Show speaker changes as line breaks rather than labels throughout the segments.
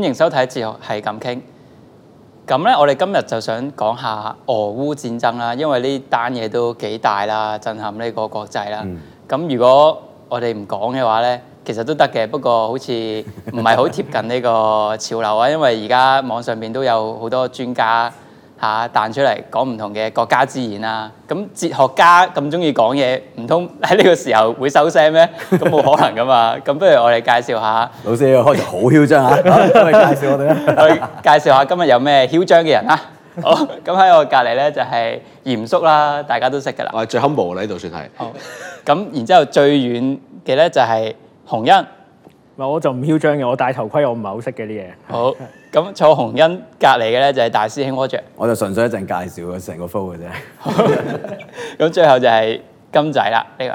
歡迎收睇《哲學係咁傾》。咁咧，我哋今日就想講下俄烏戰爭啦，因為呢單嘢都幾大啦，震撼呢個國際啦。咁、嗯、如果我哋唔講嘅話咧，其實都得嘅。不過好似唔係好貼近呢個潮流啊， 因為而家網上邊都有好多專家。嚇彈出嚟講唔同嘅國家之言啦，咁哲學家咁中意講嘢，唔通喺呢個時候會收聲咩？咁冇可能㗎嘛。咁不如我哋介紹下。
老師開場好囂張嚇，我哋介
紹我哋啦。去介紹下今日有咩囂張嘅人啊。好，咁喺我隔籬咧就係嚴肅啦，大家都識㗎啦。我係最恐怖㗎，呢度算係。好。咁然之後最遠嘅咧就係洪恩。
唔係，我就唔囂張嘅。我戴頭盔，我唔係好識嘅啲嘢。
好，咁坐洪恩隔離嘅咧，就係大師兄 Roger。我就純粹一陣介紹佢成個 flow 嘅啫。咁最後就係金仔啦，呢位，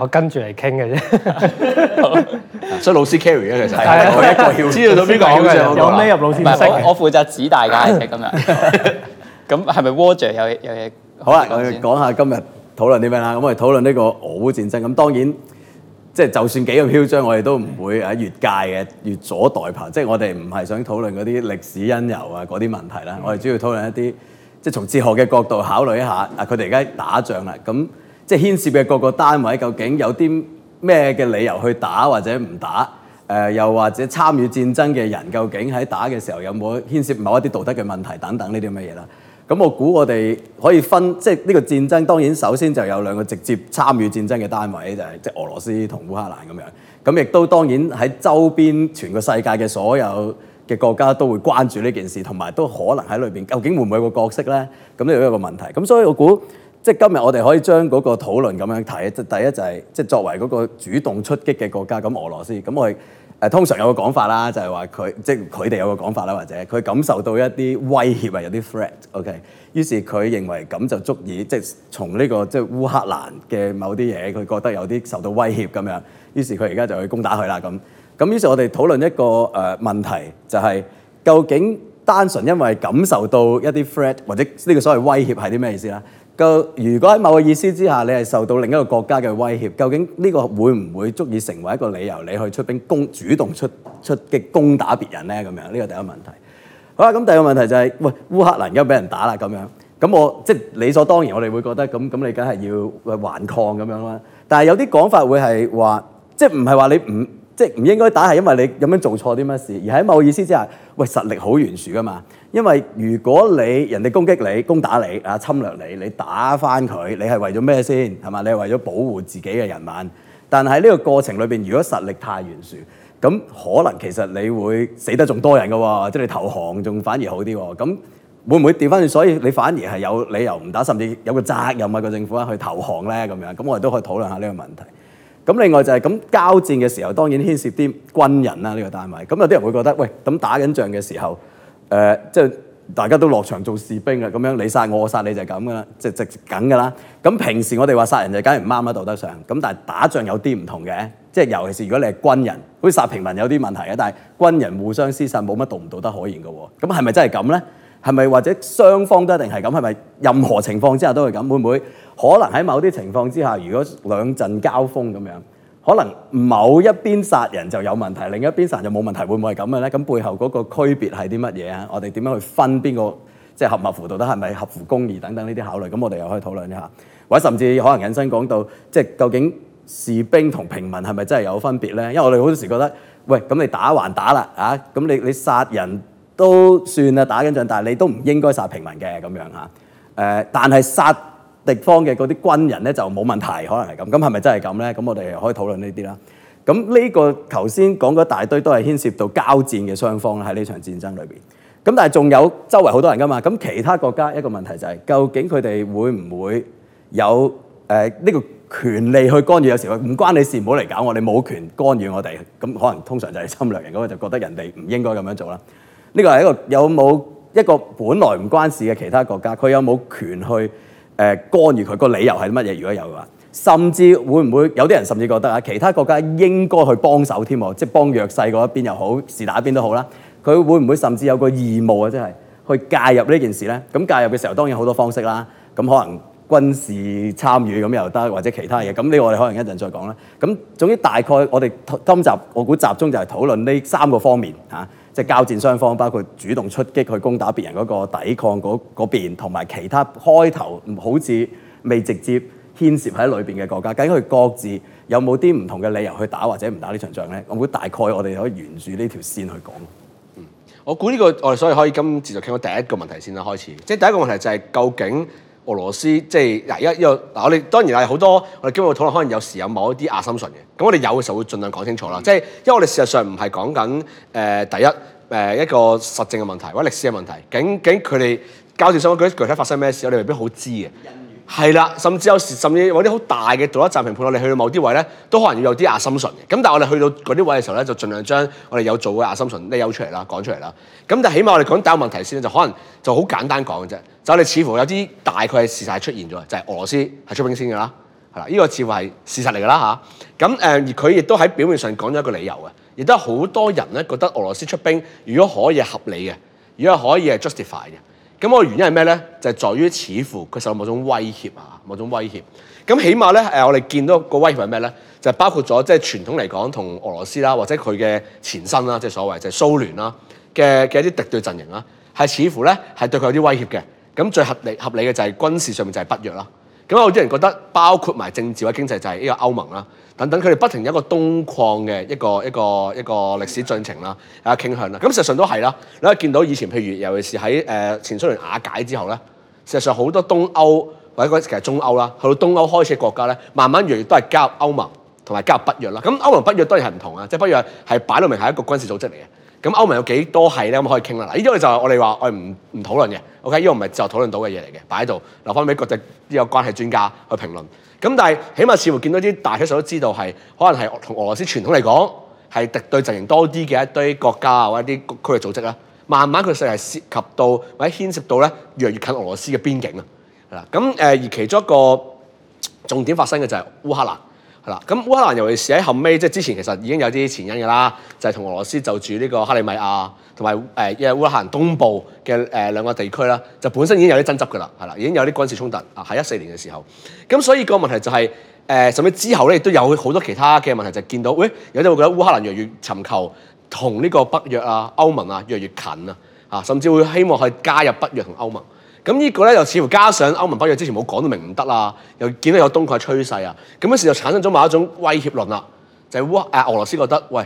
我跟住嚟傾嘅啫。
所以老師 carry 啊，其實係一個橋。知道到邊個橋嘅我講咩入老師識？我
負責指大家一隻噉樣。咁係咪 Roger 有有嘢？
好啊，我哋講下今日討論啲咩啦。咁我哋討論呢個俄烏戰爭。咁當然。即、就、係、是、就算幾咁囂張，我哋都唔會喺越界嘅，越俎代庖。即係我哋唔係想討論嗰啲歷史因由啊嗰啲問題啦，我哋主要討論一啲即係從哲學嘅角度考慮一下。啊，佢哋而家打仗啦，咁即係牽涉嘅各個單位究竟有啲咩嘅理由去打或者唔打？誒、呃，又或者參與戰爭嘅人究竟喺打嘅時候有冇牽涉某一啲道德嘅問題等等這些什麼呢啲咁嘅嘢啦。咁我估我哋可以分，即係呢個戰爭當然首先就有兩個直接參與戰爭嘅單位就係即係俄羅斯同烏克蘭咁樣，咁亦都當然喺周邊全個世界嘅所有嘅國家都會關注呢件事，同埋都可能喺裏邊究竟會唔會有個角色咧？咁呢有一個問題，咁所以我估即係今日我哋可以將嗰個討論咁樣睇，即第一就係、是、即係作為嗰個主動出擊嘅國家，咁俄羅斯，咁我哋。誒通常有個講法啦，就係話佢即係佢哋有個講法啦，或者佢感受到一啲威脅啊，有啲 threat，OK。於是佢認為咁就足以，即係從呢個即係烏克蘭嘅某啲嘢，佢覺得有啲受到威脅咁樣。於是佢而家就去攻打佢啦咁。咁於是我哋討論一個誒問題，就係究竟。單純因為感受到一啲 threat 或者呢個所謂威脅係啲咩意思啦？個如果喺某個意思之下，你係受到另一個國家嘅威脅，究竟呢個會唔會足以成為一個理由，你去出兵攻主動出出擊攻打別人呢？咁樣，呢個第一個問題。好啦，咁第二個問題就係喂，烏克蘭而家俾人打啦咁樣，咁我即理所當然，我哋會覺得咁咁，你梗係要還抗咁樣啦。但係有啲講法會係話，即係唔係話你唔。即唔應該打係因為你咁樣做錯啲乜事，而喺某意思之下，喂實力好懸殊噶嘛？因為如果你人哋攻擊你、攻打你、啊侵略你，你打翻佢，你係為咗咩先係嘛？你係為咗保護自己嘅人民。但係呢個過程裏邊，如果實力太懸殊，咁可能其實你會死得仲多人嘅喎，即係你投降仲反而好啲喎。咁會唔會掉翻轉？所以你反而係有理由唔打，甚至有個責任呀個政府去投降咧咁樣。咁我哋都可以討論下呢個問題。咁另外就係、是、咁交戰嘅時候，當然牽涉啲軍人啦呢、這個單位。咁有啲人會覺得，喂，咁打緊仗嘅時候，誒、呃，即係大家都落場做士兵啊，咁樣你殺我，我殺你就係咁噶啦，即直直緊噶啦。咁、就是就是、平時我哋話殺人就梗係唔啱啊，道德上。咁但係打仗有啲唔同嘅，即係尤其是如果你係軍人，好似殺平民有啲問題嘅。但係軍人互相廝殺冇乜道唔道德可言嘅喎。咁係咪真係咁咧？係咪或者雙方都一定係咁？係咪任何情況之下都係咁？會唔會可能喺某啲情況之下，如果兩陣交鋒咁樣，可能某一邊殺人就有問題，另一邊殺人就冇問題，會唔會係咁嘅咧？咁背後嗰個區別係啲乜嘢啊？我哋點樣去分邊個即係、就是、合唔合乎道德？係咪合乎公義等等呢啲考慮？咁我哋又可以討論一下，或者甚至可能引申講到即係究竟士兵同平民係咪真係有分別咧？因為我哋好多時覺得，喂，咁你打還打啦啊！咁你你殺人。都算啊，打緊仗，但係你都唔應該殺平民嘅咁樣嚇。誒，但係殺敵方嘅嗰啲軍人咧就冇問題，可能係咁。咁係咪真係咁咧？咁我哋可以討論呢啲啦。咁呢個頭先講嗰大堆都係牽涉到交戰嘅雙方啦，喺呢場戰爭裏邊。咁但係仲有周圍好多人噶嘛？咁其他國家一個問題就係，究竟佢哋會唔會有誒呢個權利去干預？有時話唔關你事，唔好嚟搞我，你冇權干預我哋。咁可能通常就係侵略人嗰個就覺得人哋唔應該咁樣做啦。呢個係一個有冇一個本來唔關事嘅其他國家，佢有冇權去誒干預，佢個理由係乜嘢？如果有嘅話，甚至會唔會有啲人甚至覺得啊，其他國家應該去幫手添喎，即係幫弱勢嗰一邊又好，是打一邊都好啦。佢會唔會甚至有個義務啊？即係去介入呢件事呢？咁介入嘅時候當然好多方式啦。咁可能軍事參與咁又得，或者其他嘢。咁呢個我哋可能一陣再講啦。咁總之大概我哋今集我估集中就係討論呢三個方面嚇。啊交戰雙方，包括主動出擊去攻打別人嗰個、抵抗嗰邊，同埋其他開頭唔好似未直接牽涉喺裏邊嘅國家，究竟佢各自有冇啲唔同嘅理由去打或者唔打呢場仗呢？我估大概我哋可以沿住呢條線去講。嗯，我估呢個，
我哋所以可以今次就傾到第一個問題先啦，開始。即係第一個問題就係究竟。俄羅斯即係嗱，因因為嗱，我哋當然係好多我哋今日嘅討論，可能有時有某一啲亞心純嘅。咁，我哋有嘅時候會盡量講清楚啦。即係因為我哋事實上唔係講緊誒第一誒、呃、一個實證嘅問題或者歷史嘅問題，究竟佢哋交戰上究竟具體發生咩事，我哋未必好知嘅。係啦，甚至有時甚至啲好大嘅道德暫評判，我哋去到某啲位咧，都可能要有啲 assumption 嘅。咁但係我哋去到嗰啲位嘅時候咧，就盡量將我哋有做嘅 assumption 咧 o 出嚟啦，講出嚟啦。咁但係起碼我哋講第一個問題先咧，就可能就好簡單講嘅啫。就你似乎有啲大概嘅事實係出現咗，就係、是、俄羅斯係出兵先嘅啦。係啦，呢、這個似乎係事實嚟㗎啦嚇。咁、啊、誒而佢亦都喺表面上講咗一個理由嘅，亦都好多人咧覺得俄羅斯出兵如果可以合理嘅，如果可以係 justify 嘅。咁我原因係咩咧？就係、是、在於似乎佢受到某種威脅啊，某種威脅。咁起碼咧，我哋見到個威脅係咩咧？就是、包括咗即係傳統嚟講同俄羅斯啦，或者佢嘅前身啦，即、就、係、是、所謂就蘇聯啦嘅嘅一啲敵對陣營啦，係似乎咧係對佢有啲威脅嘅。咁最合理合理嘅就係軍事上面就係北約啦。咁有啲人覺得包括埋政治或者經濟就係、是、呢個歐盟啦。等等佢哋不停有一個東擴嘅一個一個一個歷史進程啦，啊傾向啦，咁事實上都係啦。你可以見到以前譬如，尤其是喺誒、呃、前蘇聯瓦解之後咧，事實上好多東歐或者其實中歐啦，去到東歐開始嘅國家咧，慢慢越嚟都係加入歐盟同埋加入北約啦。咁歐盟北約當然係唔同啊，即係北約係擺到明係一個軍事組織嚟嘅。咁歐盟有幾多係咧？咁可以傾啦。嗱，呢啲、OK？我就我哋話我唔唔討論嘅，OK？呢啲唔係就由討論到嘅嘢嚟嘅，擺喺度留翻俾國際呢有關係專家去評論。咁但係，起碼似乎見到啲大體上都知道係，可能係同俄羅斯傳統嚟講係敵對陣營多啲嘅一堆國家或者啲區域組織啦。慢慢佢就係涉及到或者牽涉到咧，越嚟越近俄羅斯嘅邊境啦。咁而其中一個重點發生嘅就係烏克蘭。係啦、嗯，咁烏克蘭尤其是喺後尾，即係之前其實已經有啲前因㗎啦，就係、是、同俄羅斯就住呢個克里米亞，同埋誒烏克蘭東部嘅誒、呃、兩個地區啦，就本身已經有啲爭執㗎啦，啦、嗯，已經有啲軍事衝突啊，喺一四年嘅時候。咁所以個問題就係、是、誒、呃，甚至之後咧都有好多其他嘅問題，就見、是、到喂、哎，有啲會覺得烏克蘭越嚟越尋求同呢個北約啊、歐盟啊越嚟越近啊，啊，甚至會希望去加入北約同歐盟。咁呢個咧又似乎加上歐盟北約之前冇講到明唔得啦，又見到有東擴趨勢啊，咁於是就產生咗某一種威脅論啦，就係俄、誒、俄羅斯覺得喂，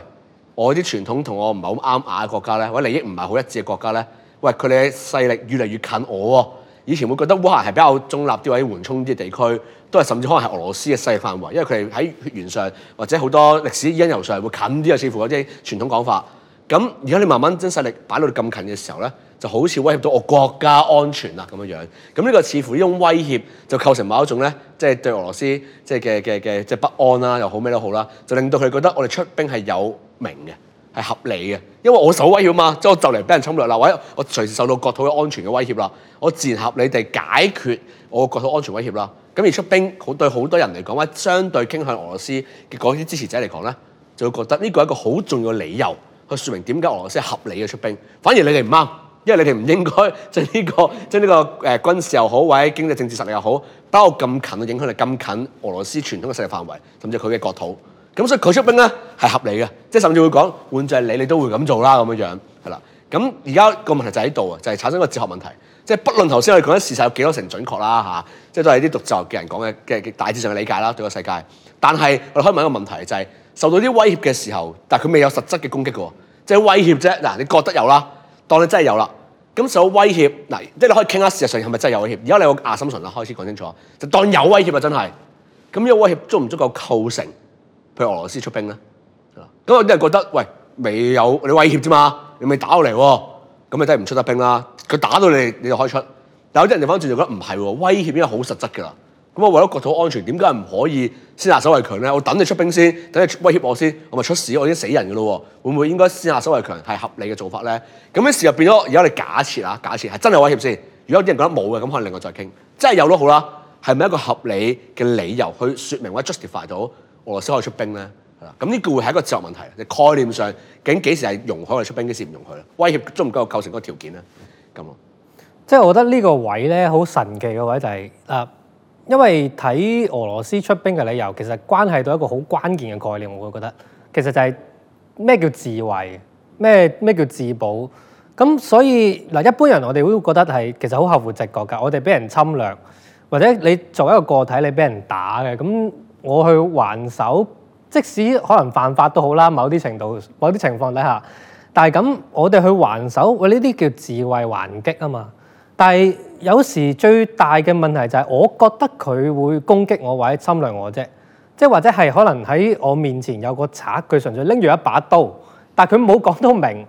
我啲傳統同我唔係好啱牙嘅國家咧，或者利益唔係好一致嘅國家咧，喂，佢哋勢力越嚟越近我喎，以前會覺得烏克蘭係比較中立啲或者緩衝啲地區，都係甚至可能係俄羅斯嘅勢力範圍，因為佢哋喺血緣上或者好多歷史因由上會近啲啊，似乎嗰啲傳統講法。咁而家你慢慢將勢力擺到咁近嘅時候咧，就好似威脅到我國家安全啦咁樣樣。咁呢個似乎呢種威脅就構成某一種咧，即係對俄羅斯即係嘅嘅嘅即係不安啦，又好咩都好啦，就令到佢哋覺得我哋出兵係有名嘅，係合理嘅，因為我受威脅嘛，即係我就嚟俾人侵略啦，或者我隨時受到國土嘅安全嘅威脅啦，我自然合理地解決我國土安全威脅啦。咁而出兵好對好多人嚟講話，相對傾向俄羅斯嘅嗰啲支持者嚟講咧，就會覺得呢個係一個好重要嘅理由。去說明點解俄羅斯係合理嘅出兵，反而你哋唔啱，因為你哋唔應該即係呢個即係呢個誒軍事又好，或者經濟政治實力又好，包括咁近，嘅影響力咁近，俄羅斯傳統嘅勢力範圍，甚至佢嘅國土。咁所以佢出兵咧係合理嘅，即係甚至會講換做你，你都會咁做啦咁樣樣係啦。咁而家個問題就喺度啊，就係產生個哲學問題，即係不論頭先我哋講嘅事實有幾多成準確啦吓，即係都係啲讀哲學嘅人講嘅嘅大致上嘅理解啦對個世界。但係我哋可以問一個問題就係、是。受到啲威脅嘅時候，但係佢未有實質嘅攻擊嘅喎，即係威脅啫。嗱，你覺得有啦，當你真係有啦。咁受到威脅，嗱，即係你可以傾下事實上，係咪真係有威脅？而家你有個亞心唇就開始講清楚，就當有威脅啊，真係。咁呢個威脅足唔足夠構成譬如俄羅斯出兵咧？咁有啲人覺得，喂，未有你威脅啫嘛，你未打過嚟喎，咁你真係唔出得兵啦。佢打到你，你就開出。但有啲人反轉，就覺得唔係喎，威脅已經好實質㗎啦。咁我為咗國土安全，點解唔可以先下手為強咧？我等你出兵先，等你威脅我先，我咪出事，我已經死人噶咯喎！會唔會應該先下手為強係合理嘅做法咧？咁啲事入變咗。而家你假設啊，假設係真係威脅先。如果啲人覺得冇嘅，咁可能另外再傾。真係有都好啦，係咪一個合理嘅理由去説明或者 justify 到俄羅斯可以出兵咧？咁呢個會係一個哲學問題，你、就是、概念上究竟幾時係容許我哋出兵，幾時唔容許咧？威脅足唔中夠構成嗰個條件咧？咁咯，
即係我覺得呢個位咧，好神奇嘅位就係、是、嗱。啊因為睇俄羅斯出兵嘅理由，其實關係到一個好關鍵嘅概念，我會覺得其實就係、是、咩叫自衛，咩咩叫自保。咁所以嗱，一般人我哋都會覺得係其實好合乎直覺㗎。我哋俾人侵略，或者你作為一個個體，你俾人打嘅，咁我去還手，即使可能犯法都好啦。某啲程度，某啲情況底下，但係咁我哋去還手，我呢啲叫自衛還擊啊嘛。但係有時最大嘅問題就係，我覺得佢會攻擊我或者侵略我啫，即係或者係可能喺我面前有個賊，佢純粹拎住一把刀，但係佢冇講到明，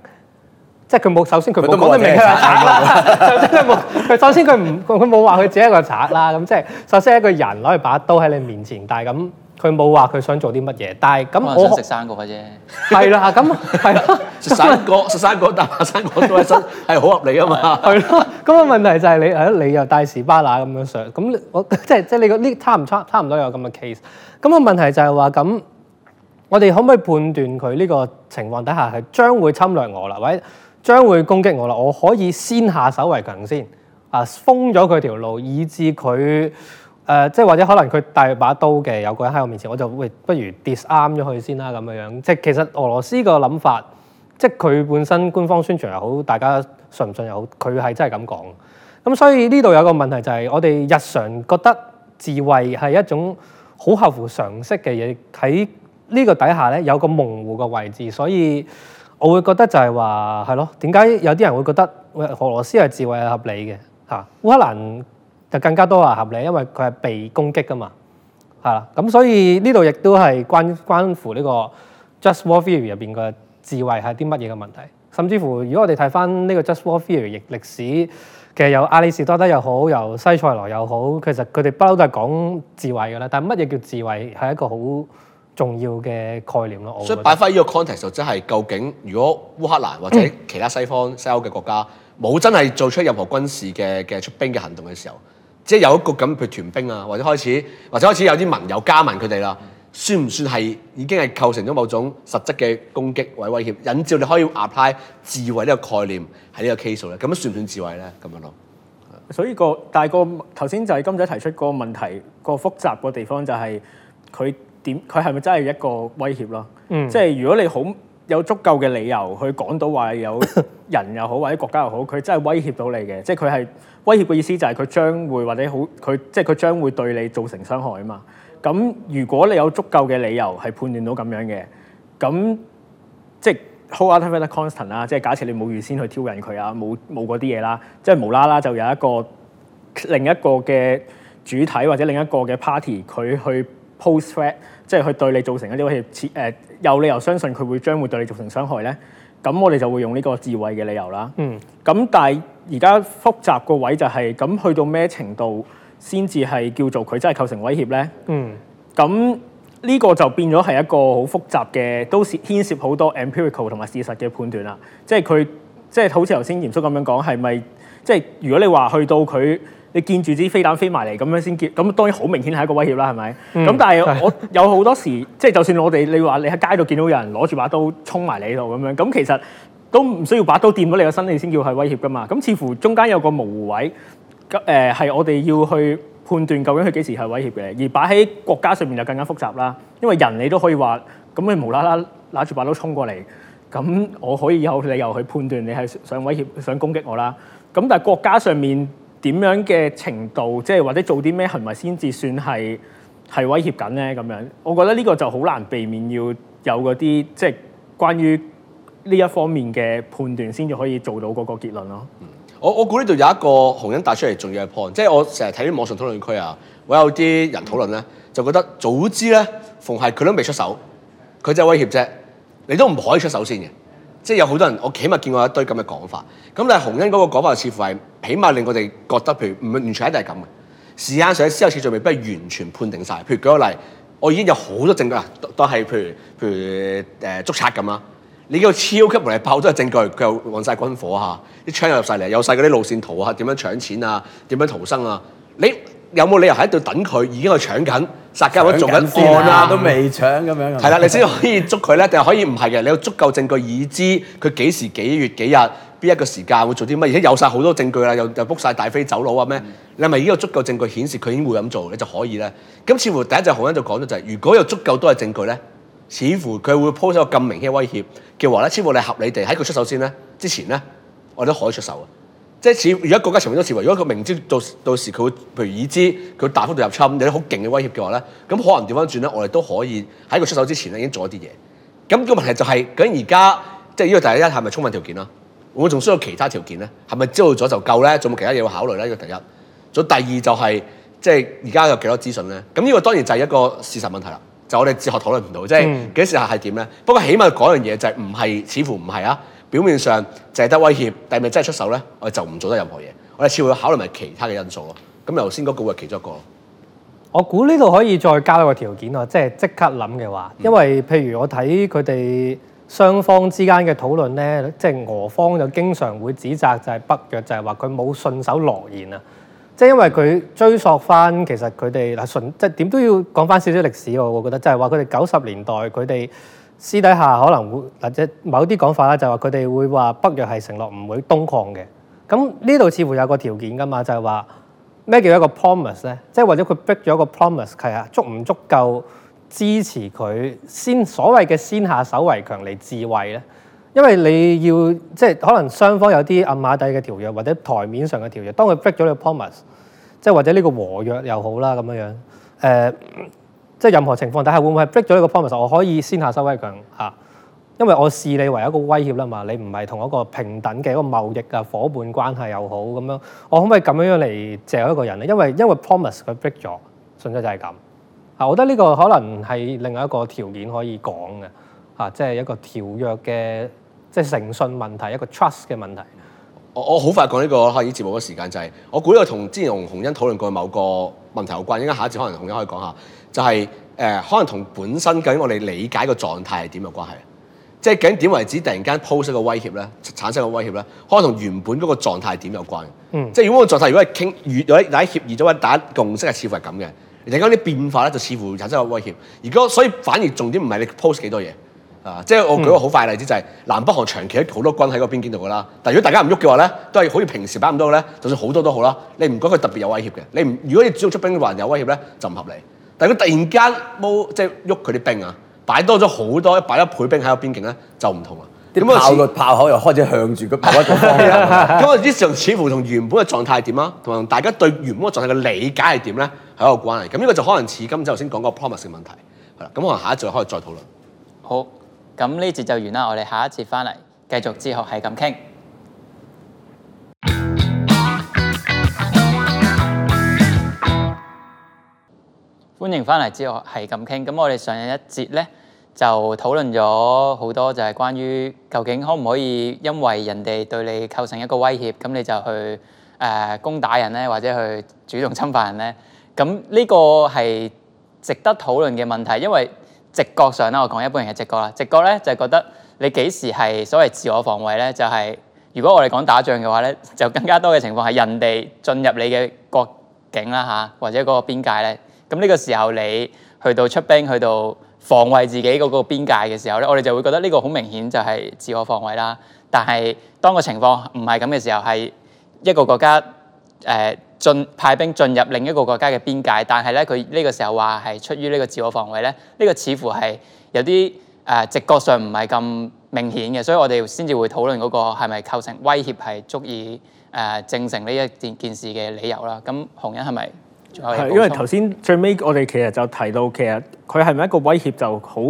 即係佢冇首先佢。佢都講得明啦，佢話賊啦，首先佢冇。佢首先佢唔佢冇話佢只係一個賊啦，咁即係首先係一個人攞住把刀喺你面前，但係咁。佢冇話佢想做啲乜嘢，但係咁我想食生
果嘅啫，係
啦，咁
係食生果食 生，生果，大把生果都係真係好合理啊嘛，係 咯。
咁、嗰個問題就係你係你又帶士巴拿咁樣上，咁我即係即係你個呢差唔差差唔多有咁嘅 case。咁、嗰個問題就係話咁，我哋可唔可以判斷佢呢個情況底下係將會侵略我啦，或者將會攻擊我啦？我可以先下手為強先啊，封咗佢條路，以至佢。誒、呃，即係或者可能佢帶把刀嘅有個人喺我面前，我就喂，不如 disarm 咗佢先啦咁樣樣。即係其實俄羅斯個諗法，即係佢本身官方宣傳又好，大家信唔信又好，佢係真係咁講。咁所以呢度有一個問題就係、是，我哋日常覺得自衛係一種好合乎常識嘅嘢，喺呢個底下咧有個模糊嘅位置，所以我會覺得就係話係咯，點解有啲人會覺得喂、呃、俄羅斯係自衛係合理嘅嚇烏克蘭？就更加多喇合理，因為佢係被攻擊噶嘛，係啦。咁所以呢度亦都係關關乎呢個 just war theory 入邊嘅智慧係啲乜嘢嘅問題。甚至乎，如果我哋睇翻呢個 just war theory 歷史，其實由阿里士多德又好，由西塞羅又好，其實佢哋不嬲都係講智慧㗎啦。但係乜嘢叫智慧係一個好重要嘅概念咯。所以擺
翻呢個 context 就真係究竟，如果烏克蘭或者其他西方、嗯、西歐嘅國家冇真係做出任何軍事嘅嘅出兵嘅行動嘅時候。即係有一個咁譬如屯兵啊，或者開始，或者開始有啲盟友加盟佢哋啦，算唔算係已經係構成咗某種實質嘅攻擊或者威脅？引照你可以 apply 自衛呢個概念喺呢個 case 咧，咁樣算唔算自衛咧？咁樣
咯。所以個，但係個頭先就係甘仔提出個問題，個複雜個地方就係佢點，佢係咪真係一個威脅咯？嗯，即係如果你好。有足夠嘅理由去講到話有人又好或者國家又好，佢真係威脅到你嘅，即係佢係威脅嘅意思就係佢將會或者好佢即係佢將會對你造成傷害啊嘛。咁如果你有足夠嘅理由係判斷到咁樣嘅，咁即係 how other than constant 啊，即係假設你冇預先去挑釁佢啊，冇冇嗰啲嘢啦，即係無啦啦就有一個另一個嘅主體或者另一個嘅 party 佢去 post threat，即係去對你造成一啲威脅，誒、呃。有理由相信佢會將會對你造成傷害咧，咁我哋就會用呢個智慧嘅理由啦。嗯，咁但係而家複雜個位就係，咁去到咩程度先至係叫做佢真係構成威脅咧？嗯，咁呢個就變咗係一個好複雜嘅，都涉牽涉好多 empirical 同埋事實嘅判斷啦。即係佢，即係好似頭先嚴叔咁樣講，係咪？即係如果你話去到佢。你見住啲飛彈飛埋嚟咁樣先叫咁，當然好明顯係一個威脅啦，係咪？咁、嗯、但係我有好多時，即 係就算我哋你話你喺街度見到有人攞住把刀衝埋你度咁樣，咁其實都唔需要把刀掂到你個身你先叫係威脅噶嘛。咁似乎中間有個模糊位，咁、呃、係我哋要去判斷究竟佢幾時係威脅嘅，而擺喺國家上面就更加複雜啦。因為人你都可以話咁你無啦啦攞住把刀衝過嚟，咁我可以有理由去判斷你係想威脅、想攻擊我啦。咁但係國家上面。點樣嘅程度，即係或者做啲咩行為先至算係係威脅緊咧？咁樣，我覺得呢個就好難避免要有嗰啲即係關於呢一方面嘅判斷，先至可以做到嗰個結論咯。嗯，我我估呢度有一
個洪恩帶出嚟重要嘅 point，即係我成日睇啲網上討論區啊，我有啲人討論咧，就覺得早知咧，逢係佢都未出手，佢就係威脅啫，你都唔可以出手先嘅。即係有好多人，我起碼見過一堆咁嘅講法。咁但係洪恩嗰個講法，似乎係起碼令我哋覺得，譬如唔係完全一定係咁嘅。時間上，司法程序未必係完全判定晒。譬如舉個例，我已經有好多證據，都係譬如譬如誒捉賊咁啊。你有超級無力爆咗個證據，又揾晒軍火嚇，啲槍入晒嚟，有晒嗰啲路線圖啊，點樣搶錢啊，點樣逃生啊，你有冇理由喺度等佢已經去搶緊？殺家做 on, 都做緊案啦，都未
搶咁樣。係啦，你先可
以捉佢咧，定係可以唔係嘅？你有足夠證據已知佢幾時幾月幾日邊一個時間會做啲乜，而且有晒好多證據啦，又又 book 曬大飛走佬啊咩、嗯？你係咪已經有足夠證據顯示佢已經會咁做？你就可以咧。咁似乎第一隻好喺就講咗就係、是，如果有足夠多嘅證據咧，似乎佢會 post 咗咁明顯嘅威脅嘅話咧，似乎你合理地喺佢出手先咧之前咧，我哋都可以出手。即係似，如果國家層面都視為，如果佢明知到到時佢會，譬如已知佢大幅度入侵有啲好勁嘅威脅嘅話咧，咁可能調翻轉咧，我哋都可以喺佢出手之前咧已經做一啲嘢。咁個問題就係究竟而家，即係呢個第一係咪充分條件咯？會唔會仲需要其他條件咧？係咪知道咗就夠咧？仲有冇其他嘢要考慮咧？呢個第一。咁第二就係，即係而家有幾多資訊咧？咁呢個當然就係一個事實問題啦。就我哋哲學討論唔到，嗯、即係幾時係點咧？不過起碼嗰樣嘢就係唔係，似乎唔係啊。表面上淨係得威脅，但係咪真係出手咧？我哋就唔做得任何嘢，我哋先會考慮埋其他嘅因素咯。咁頭先嗰個就其中一個。
我估呢度可以再加多個條件啊，即係即刻諗嘅話，因為譬如我睇佢哋雙方之間嘅討論咧，即係俄方就經常會指責就係北約，就係話佢冇信守諾言啊，即係因為佢追溯翻其實佢哋嗱順即係點都要講翻少少歷史我覺得，即係話佢哋九十年代佢哋。私底下可能會或者某啲講法啦，就話佢哋會話北約係承諾唔會東擴嘅。咁呢度似乎有個條件㗎嘛，就係話咩叫一個 promise 咧？即係或者佢 break 咗個 promise 係啊，足唔足夠支持佢先所謂嘅先下手為強嚟自衛咧？因為你要即係、就是、可能雙方有啲暗馬底嘅條約，或者台面上嘅條約。當佢 break 咗你嘅 promise，即係或者呢個和約又好啦咁樣樣，誒、呃。即係任何情況，但係會唔會係 break 咗呢個 promise？我可以先下手為強嚇，因為我視你為一個威脅啦嘛。你唔係同一個平等嘅一個貿易嘅伙伴關係又好咁樣，我可唔可以咁樣嚟借一個人咧？因為因為 promise 佢 break 咗，信息就係咁嚇。我覺得呢個可能係另外一個條件可以講嘅嚇，即係一個條約嘅即係誠信問題，一個 trust 嘅問題。
我我好快講呢、這個，可以節目嘅時間就係、是、我估我同之前同洪恩討論過某個。問題有關，依家下一節可能同樣可以講下，就係、是、誒、呃，可能同本身究竟我哋理解個狀態係點有關係，即係究竟點為止突然間 post 個威脅咧，產生個威脅咧，可能同原本嗰個狀態點有關係、嗯、即係如果個狀態如果係傾如果大家協議咗或者大家共識，係似乎係咁嘅，而家啲變化咧就似乎產生個威脅，而家所以反而重點唔係你 post 幾多嘢。啊，即係我舉個好快例子、嗯、就係、是、南北韓長期喺好多軍喺個邊境度噶啦。但係如果大家唔喐嘅話咧，都係好似平時擺咁多嘅咧，就算好多都好啦。你唔覺得佢特別有威脅嘅？你唔如果你主動出兵嘅還有威脅咧，就唔合理。但係佢突然間冇即係喐佢啲兵啊，擺多咗好多，擺一倍兵喺個邊境咧，就唔同啊。炮個炮口又
開始向住個另一
個方向。咁 我之上似乎同原本嘅狀態點啊，同埋大家對原本嘅狀態嘅理解係點咧，係一個關係。咁呢個就可能似今朝頭先講
個 promise 嘅問題。係啦，咁我能下一節可以再討論。好。咁呢節就完啦，我哋下一節翻嚟繼續哲學係咁傾。歡迎翻嚟哲學係咁傾。咁我哋上一節呢就討論咗好多，就係關於究竟可唔可以因為人哋對你構成一個威脅，咁你就去誒攻打人呢，或者去主動侵犯人呢？咁呢個係值得討論嘅問題，因為直覺上，我講一般人嘅直覺啦，直覺咧就係覺得你幾時係所謂自我防衛咧，就係、是、如果我哋講打仗嘅話咧，就更加多嘅情況係人哋進入你嘅國境啦嚇，或者嗰個邊界咧，咁呢個時候你去到出兵去到防衛自己嗰個邊界嘅時候咧，我哋就會覺得呢個好明顯就係自我防衛啦。但係當個情況唔係咁嘅時候，係一個國家、呃進派兵進入另一個國家嘅邊界，但係咧，佢呢個時候話係出於呢個自我防衛咧，呢、呢個似乎係有啲誒、呃、直覺上唔係咁明顯嘅，所以我哋先至會討論嗰個係咪構成威脅係足以誒證、呃、成呢一件件事嘅理由啦。咁洪恩係咪？係，因為頭
先最尾我哋其實就提到，其實佢係咪一個威脅就好，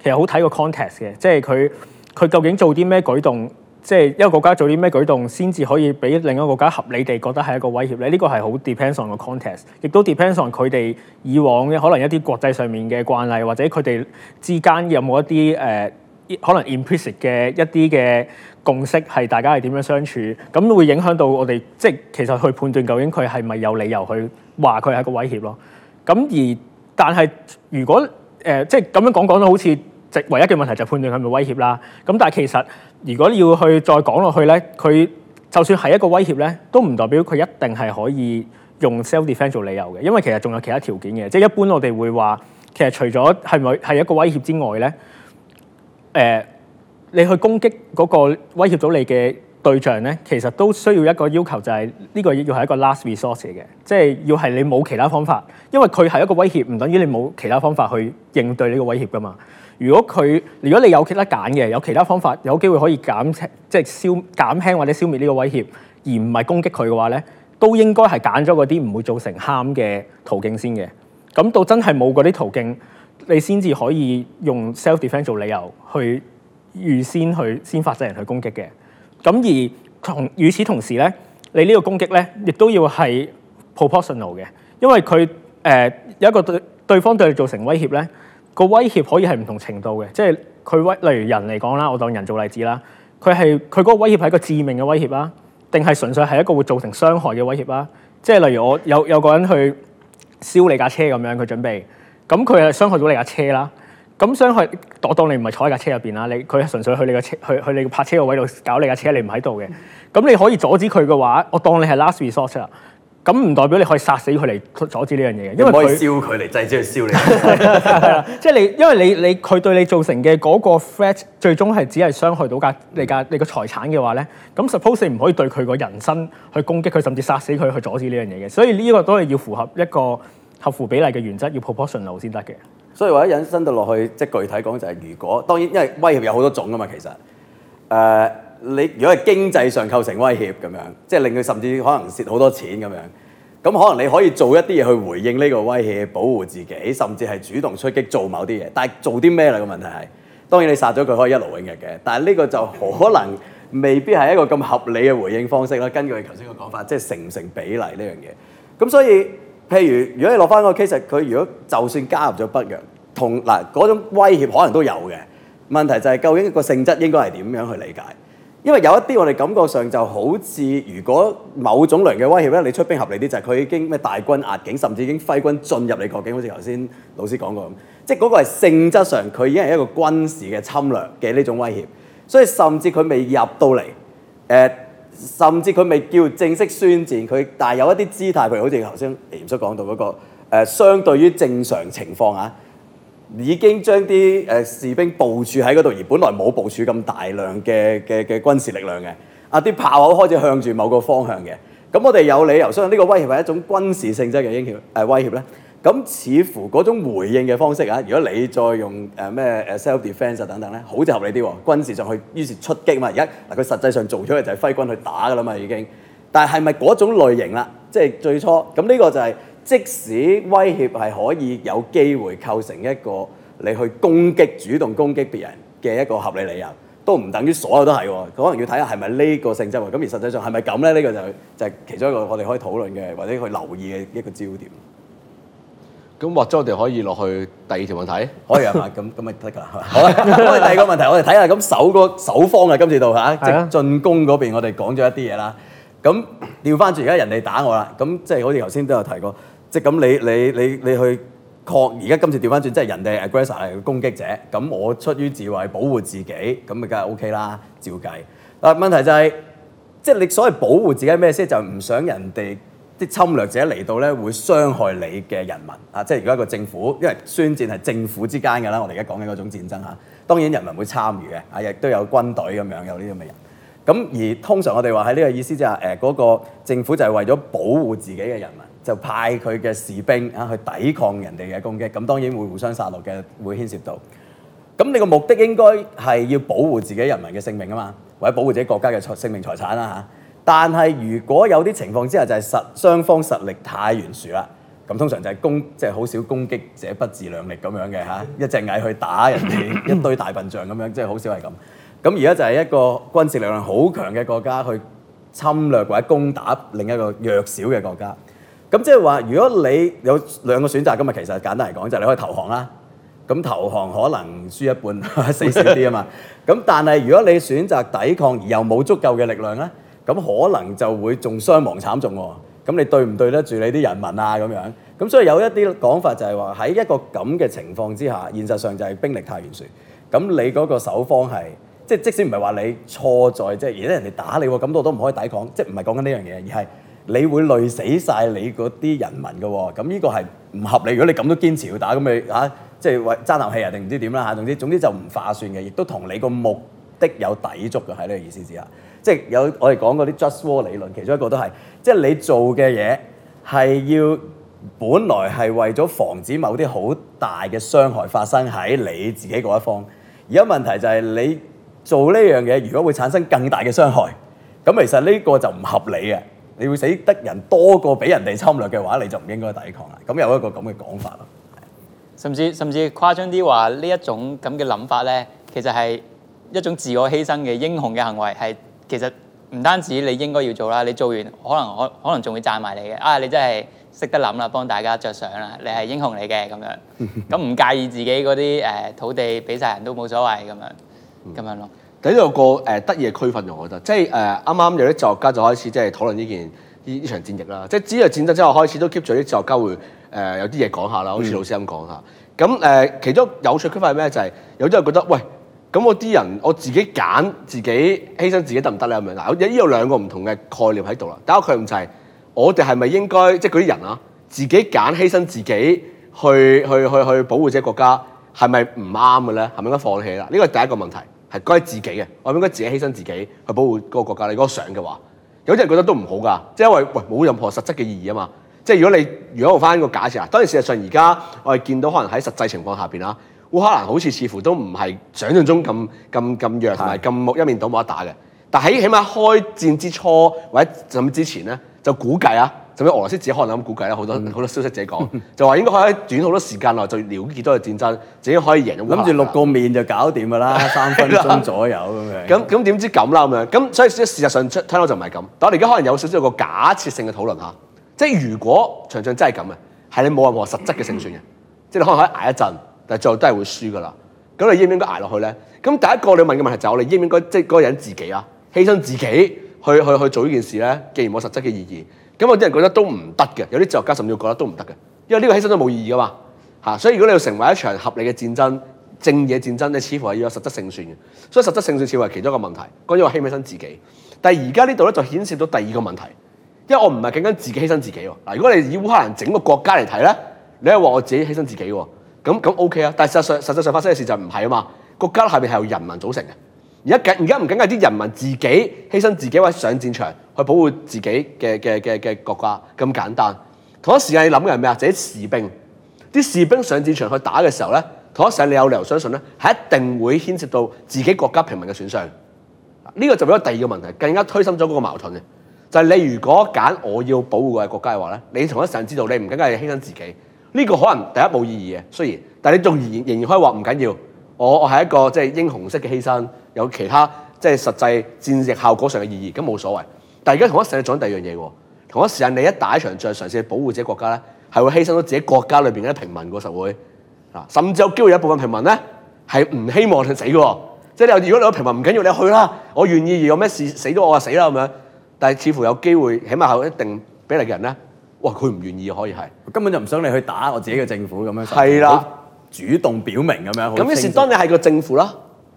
其實好睇個 context 嘅，即係佢佢究竟做啲咩舉動。即、就、係、是、一個國家做啲咩舉動，先至可以俾另一個國家合理地覺得係一個威脅咧？呢、這個係好 depends on 個 context，亦都 depends on 佢哋以往可能一啲國際上面嘅慣例，或者佢哋之間有冇一啲、呃、可能 implicit 嘅一啲嘅共識，係大家係點樣相處，咁會影響到我哋即係其實去判斷究竟佢係咪有理由去話佢係一個威脅咯。咁而但係如果呃即係咁樣講講都好似。唯一嘅問題就係判斷佢咪威脅啦。咁但係其實如果要去再講落去咧，佢就算係一個威脅咧，都唔代表佢一定係可以用 self-defense 做理由嘅。因為其實仲有其他條件嘅，即係一般我哋會話其實除咗係咪係一個威脅之外咧、呃，你去攻擊嗰個威脅到你嘅對象咧，其實都需要一個要求就係、係、呢個要係一個 last resource 嘅，即係要係你冇其他方法，因為佢係一個威脅，唔等於你冇其他方法去應對呢個威脅㗎嘛。如果佢，如果你有其他揀嘅，有其他方法，有機會可以減即係消減輕或者消滅呢個威脅，而唔係攻擊佢嘅話咧，都應該係揀咗嗰啲唔會造成傷嘅途徑先嘅。咁到真係冇嗰啲途徑，你先至可以用 self defence 做理由去預先去先發制人去攻擊嘅。咁而同與此同時咧，你呢個攻擊咧，亦都要係 proportional 嘅，因為佢誒、呃、有一個對對方對你造成威脅咧。個威脅可以係唔同程度嘅，即係佢威，例如人嚟講啦，我當人做例子啦，佢係佢嗰個威脅係一個致命嘅威脅啦，定係純粹係一個會造成傷害嘅威脅啦。即係例如我有有個人去燒你架車咁樣，佢準備，咁佢係傷害到你架車啦。咁傷害當當你唔係坐喺架車入邊啦，你佢純粹去你架車去去你嘅泊車嘅位度搞你架車，你唔喺度嘅，咁你可以阻止佢嘅話，我當你係 last resource 啦。咁唔代表你可以殺死佢嚟阻止呢樣嘢嘅，因為可以燒
佢嚟製止佢燒你。係
啦，即係你，因為你你佢對你造成嘅嗰個 threat，最終係只係傷害到架你架你個財產嘅話咧，咁 suppose 你唔可以對佢個人身去攻擊佢，甚至殺死佢去阻止呢樣嘢嘅。所以呢個都係要符合一個合乎比例嘅原則，要 proportional 先得嘅。
所以或者引申到落去，即係具體講就係如果，當然因為威脅有好多種啊嘛，其實，呃你如果係經濟上構成威脅咁樣，即係令佢甚至可能蝕好多錢咁樣，咁可能你可以做一啲嘢去回應呢個威脅，保護自己，甚至係主動出擊做某啲嘢。但係做啲咩咧？個問題係，當然你殺咗佢可以一勞永逸嘅，但係呢個就可能未必係一個咁合理嘅回應方式啦。根據你頭先嘅講法，即係成唔成比例呢樣嘢？咁所以，譬如如果你落翻個 case，佢如果就算加入咗北約，同嗱嗰種威脅可能都有嘅。問題就係、是、究竟個性質應該係點樣去理解？因為有一啲我哋感覺上就好似，如果某種類嘅威脅咧，你出兵合理啲就係、是、佢已經咩大軍壓境，甚至已經揮軍進入你國境，好似頭先老師講過咁，即係嗰個係性質上佢已經係一個軍事嘅侵略嘅呢種威脅，所以甚至佢未入到嚟，誒、呃，甚至佢未叫正式宣戰，佢但係有一啲姿態，譬如好似頭先嚴叔講到嗰、那個、呃、相對於正常情況下。已經將啲誒士兵部署喺嗰度，而本來冇部署咁大量嘅嘅嘅軍事力量嘅，啊啲炮口開始向住某個方向嘅，咁我哋有理由相信呢個威脅係一種軍事性質嘅威脅，誒、呃、威脅咧，咁似乎嗰種回應嘅方式啊，如果你再用誒咩誒 self defence 啊等等咧，好似合理啲喎，軍事上去於是出擊嘛，而家嗱佢實際上做咗嚟就係揮軍去打㗎啦嘛已經，但係咪嗰種類型啦？即係最初咁呢個就係。即使威脅係可以有機會構成一個你去攻擊、主動攻擊別人嘅一個合理理由，都唔等於所有都係喎。可能要睇下係咪呢個性質喎。咁而實際上係咪咁咧？呢、呢個就就係其中一個我哋可以討論嘅，或者去留意嘅一個焦點。咁或者我哋可以落去第二條問題，可以係咁咁咪得㗎？好啦， 咁第二個問題我哋睇下。咁守嗰守方啊，今次到吓、啊，即係進攻嗰邊我哋講咗一啲嘢啦。咁調翻轉而家人哋打我啦，咁即係好似頭先都有提過。即咁你你你你去確，而家今次調翻轉，即係人哋 aggressor 係攻擊者，咁我出於自衞保護自己，咁咪梗係 O K 啦，照計。嗱，問題就係、是，即係你所謂保護自己咩先？就唔、是、想人哋啲侵略者嚟到咧，會傷害你嘅人民啊！即係如果一個政府，因為宣戰係政府之間嘅啦，我哋而家講緊嗰種戰爭嚇、啊。當然人民會參與嘅，啊亦都有軍隊咁樣有呢啲咁嘅人。咁、啊、而通常我哋話喺呢個意思就係誒嗰個政府就係為咗保護自己嘅人民。就派佢嘅士兵嚇去抵抗人哋嘅攻擊，咁當然會互相殺戮嘅，會牽涉到。咁你個目的應該係要保護自己人民嘅性命啊嘛，或者保護自己國家嘅財性命財產啦嚇。但係如果有啲情況之下就係實雙方實力太懸殊啦，咁通常就係攻即係好少攻擊者不自量力咁樣嘅嚇，一隻蟻去打人哋一堆大笨象咁樣，即係好少係咁。咁而家就係一個軍事力量好強嘅國家去侵略或者攻打另一個弱小嘅國家。咁即係話，如果你有兩個選擇，咁啊其實簡單嚟講，就係你可以投降啦。咁投降可能輸一半，死少啲啊嘛。咁但係如果你選擇抵抗，而又冇足夠嘅力量咧，咁可能就會仲傷亡慘重喎。咁你對唔對得住你啲人民啊？咁樣。咁所以有一啲講法就係話，喺一個咁嘅情況之下，現實上就係兵力太懸殊。咁你嗰個守方係，即係即使唔係話你錯在，即係而家人哋打你，咁我都唔可以抵抗。即係唔係講緊呢樣嘢，而係。你會累死曬你嗰啲人民嘅喎，咁呢個係唔合理。如果你咁都堅持要打，咁你嚇即係為爭啖氣啊，定唔知點啦嚇。總之總之就唔划算嘅，亦都同你個目的有抵觸嘅。喺呢個意思之下，即係有我哋講嗰啲 just war 理論，其中一個都係即係你做嘅嘢係要本來係為咗防止某啲好大嘅傷害發生喺你自己嗰一方。而家問題就係你做呢樣嘢，如果會產生更大嘅傷害，咁其實呢個就唔合理嘅。你會死得人多過俾人哋侵略嘅話，你就唔應該抵抗啦。咁有一個咁嘅講法咯。
甚至甚至誇張啲話，呢一種咁嘅諗法咧，其實係一種自我犧牲嘅英雄嘅行為。係其實唔單止你應該要做啦，你做完可能可可能仲會讚埋你嘅。啊，你真係識得諗啦，幫大家著想啦，你係英雄嚟嘅咁樣。咁唔介意自己嗰啲誒土地俾曬人都冇所謂咁樣咁樣咯。
喺呢個、呃、得意嘅區分，我覺得即係誒啱啱有啲哲學家就開始即係討論呢件呢呢場戰役啦。即係知道戰爭之後開始都 keep 咗啲哲學家會誒、呃、有啲嘢講下啦，好似老師咁講下。咁、嗯、誒、呃、其中有趣區分係咩？就係、是、有啲人覺得喂，咁我啲人我自己揀自己犧牲自己得唔得咧？咁咪嗱呢度兩個唔同嘅概念喺度啦。第一個唔就係、是、我哋係咪應該即係嗰啲人啊自己揀犧牲自己去去去去保護自己國家係咪唔啱嘅咧？係咪應該放棄啦？呢個係第一個問題。係該自己嘅，我哋應該自己犧牲自己去保護嗰個國家。你如果想嘅話，有啲人覺得都唔好㗎，即係因為喂冇任何實質嘅意義啊嘛。即係如果你如果用翻個假設啊，當然事實上而家我哋見到可能喺實際情況下邊啦，烏克蘭好似似乎都唔係想像中咁咁咁弱同埋咁木一面倒冇得打嘅。但喺起碼開戰之初或者咁之前咧，就估計啊。就至俄羅斯自己可能咁估計啦，好多好、嗯、多消息自己講就話應該可以喺短好多時間內就了結多嘅戰爭，自己可以贏可，諗住露個面就搞掂㗎啦， 三分鐘左右咁 樣。咁咁點知咁啦咁樣咁，所以事實上聽到就唔係咁。但係我哋而家可能有少少個假設性嘅討論下，即係如果場上真係咁嘅，係你冇任何實質嘅勝算嘅，嗯、即係你可能可以捱一陣，但係最後都係會輸㗎啦。咁你應唔應該捱落去咧？咁第一個你問嘅問題就係我哋應唔應該即係嗰個人自己啊犧牲自己去去去做呢件事咧？既然冇實質嘅意義。咁啊，啲人覺得都唔得嘅，有啲哲學家甚至要覺得都唔得嘅，因為呢個犧牲都冇意義噶嘛嚇。所以如果你要成為一場合理嘅戰爭、正義戰爭，你似乎係要有實質勝算嘅。所以實質勝算似乎係其中一個問題，關於我犧牲自己。但係而家呢度咧就顯示到第二個問題，因為我唔係僅僅自己犧牲自己喎。嗱，如果你以烏克蘭整個國家嚟睇咧，你係話我自己犧牲自己喎。咁咁 OK 啊？但係事實際實際上發生嘅事就唔係啊嘛。國家下邊係由人民組成嘅。而家而家唔僅係啲人民自己犧牲自己，或者上戰場去保護自己嘅嘅嘅嘅國家咁簡單。同一時間你諗嘅係咩啊？即係士兵，啲士兵上戰場去打嘅時候咧，同一時你有理由相信咧，係一定會牽涉到自己國家平民嘅損傷。呢個就俾咗第二個問題，更加推心咗嗰個矛盾嘅，就係你如果揀我要保護嘅國家嘅話咧，你同一時間知道你唔僅僅係犧牲自己，呢個可能第一冇意義嘅，雖然，但係你仲仍仍然開話唔緊要。我我係一個即係英雄式嘅犧牲，有其他即係實際戰役效果上嘅意義，咁冇所謂。但係而家同一時間你做緊第二樣嘢喎，同一時間你一打一場仗，嘗試保護自己的國家咧，係會犧牲到自己國家裏邊嘅平民個社會啊。甚至有機會有一部分平民咧係唔希望佢死喎，即係你如果你個平民唔緊要，你去啦，我願意而有咩事死咗我啊死啦咁樣。但係似乎有機會，起碼係一定比例嘅人咧，哇佢唔願意可以係根本就唔想你去打我自己嘅政府咁樣。係啦。主動表明咁樣的。咁於是當你係個政府啦，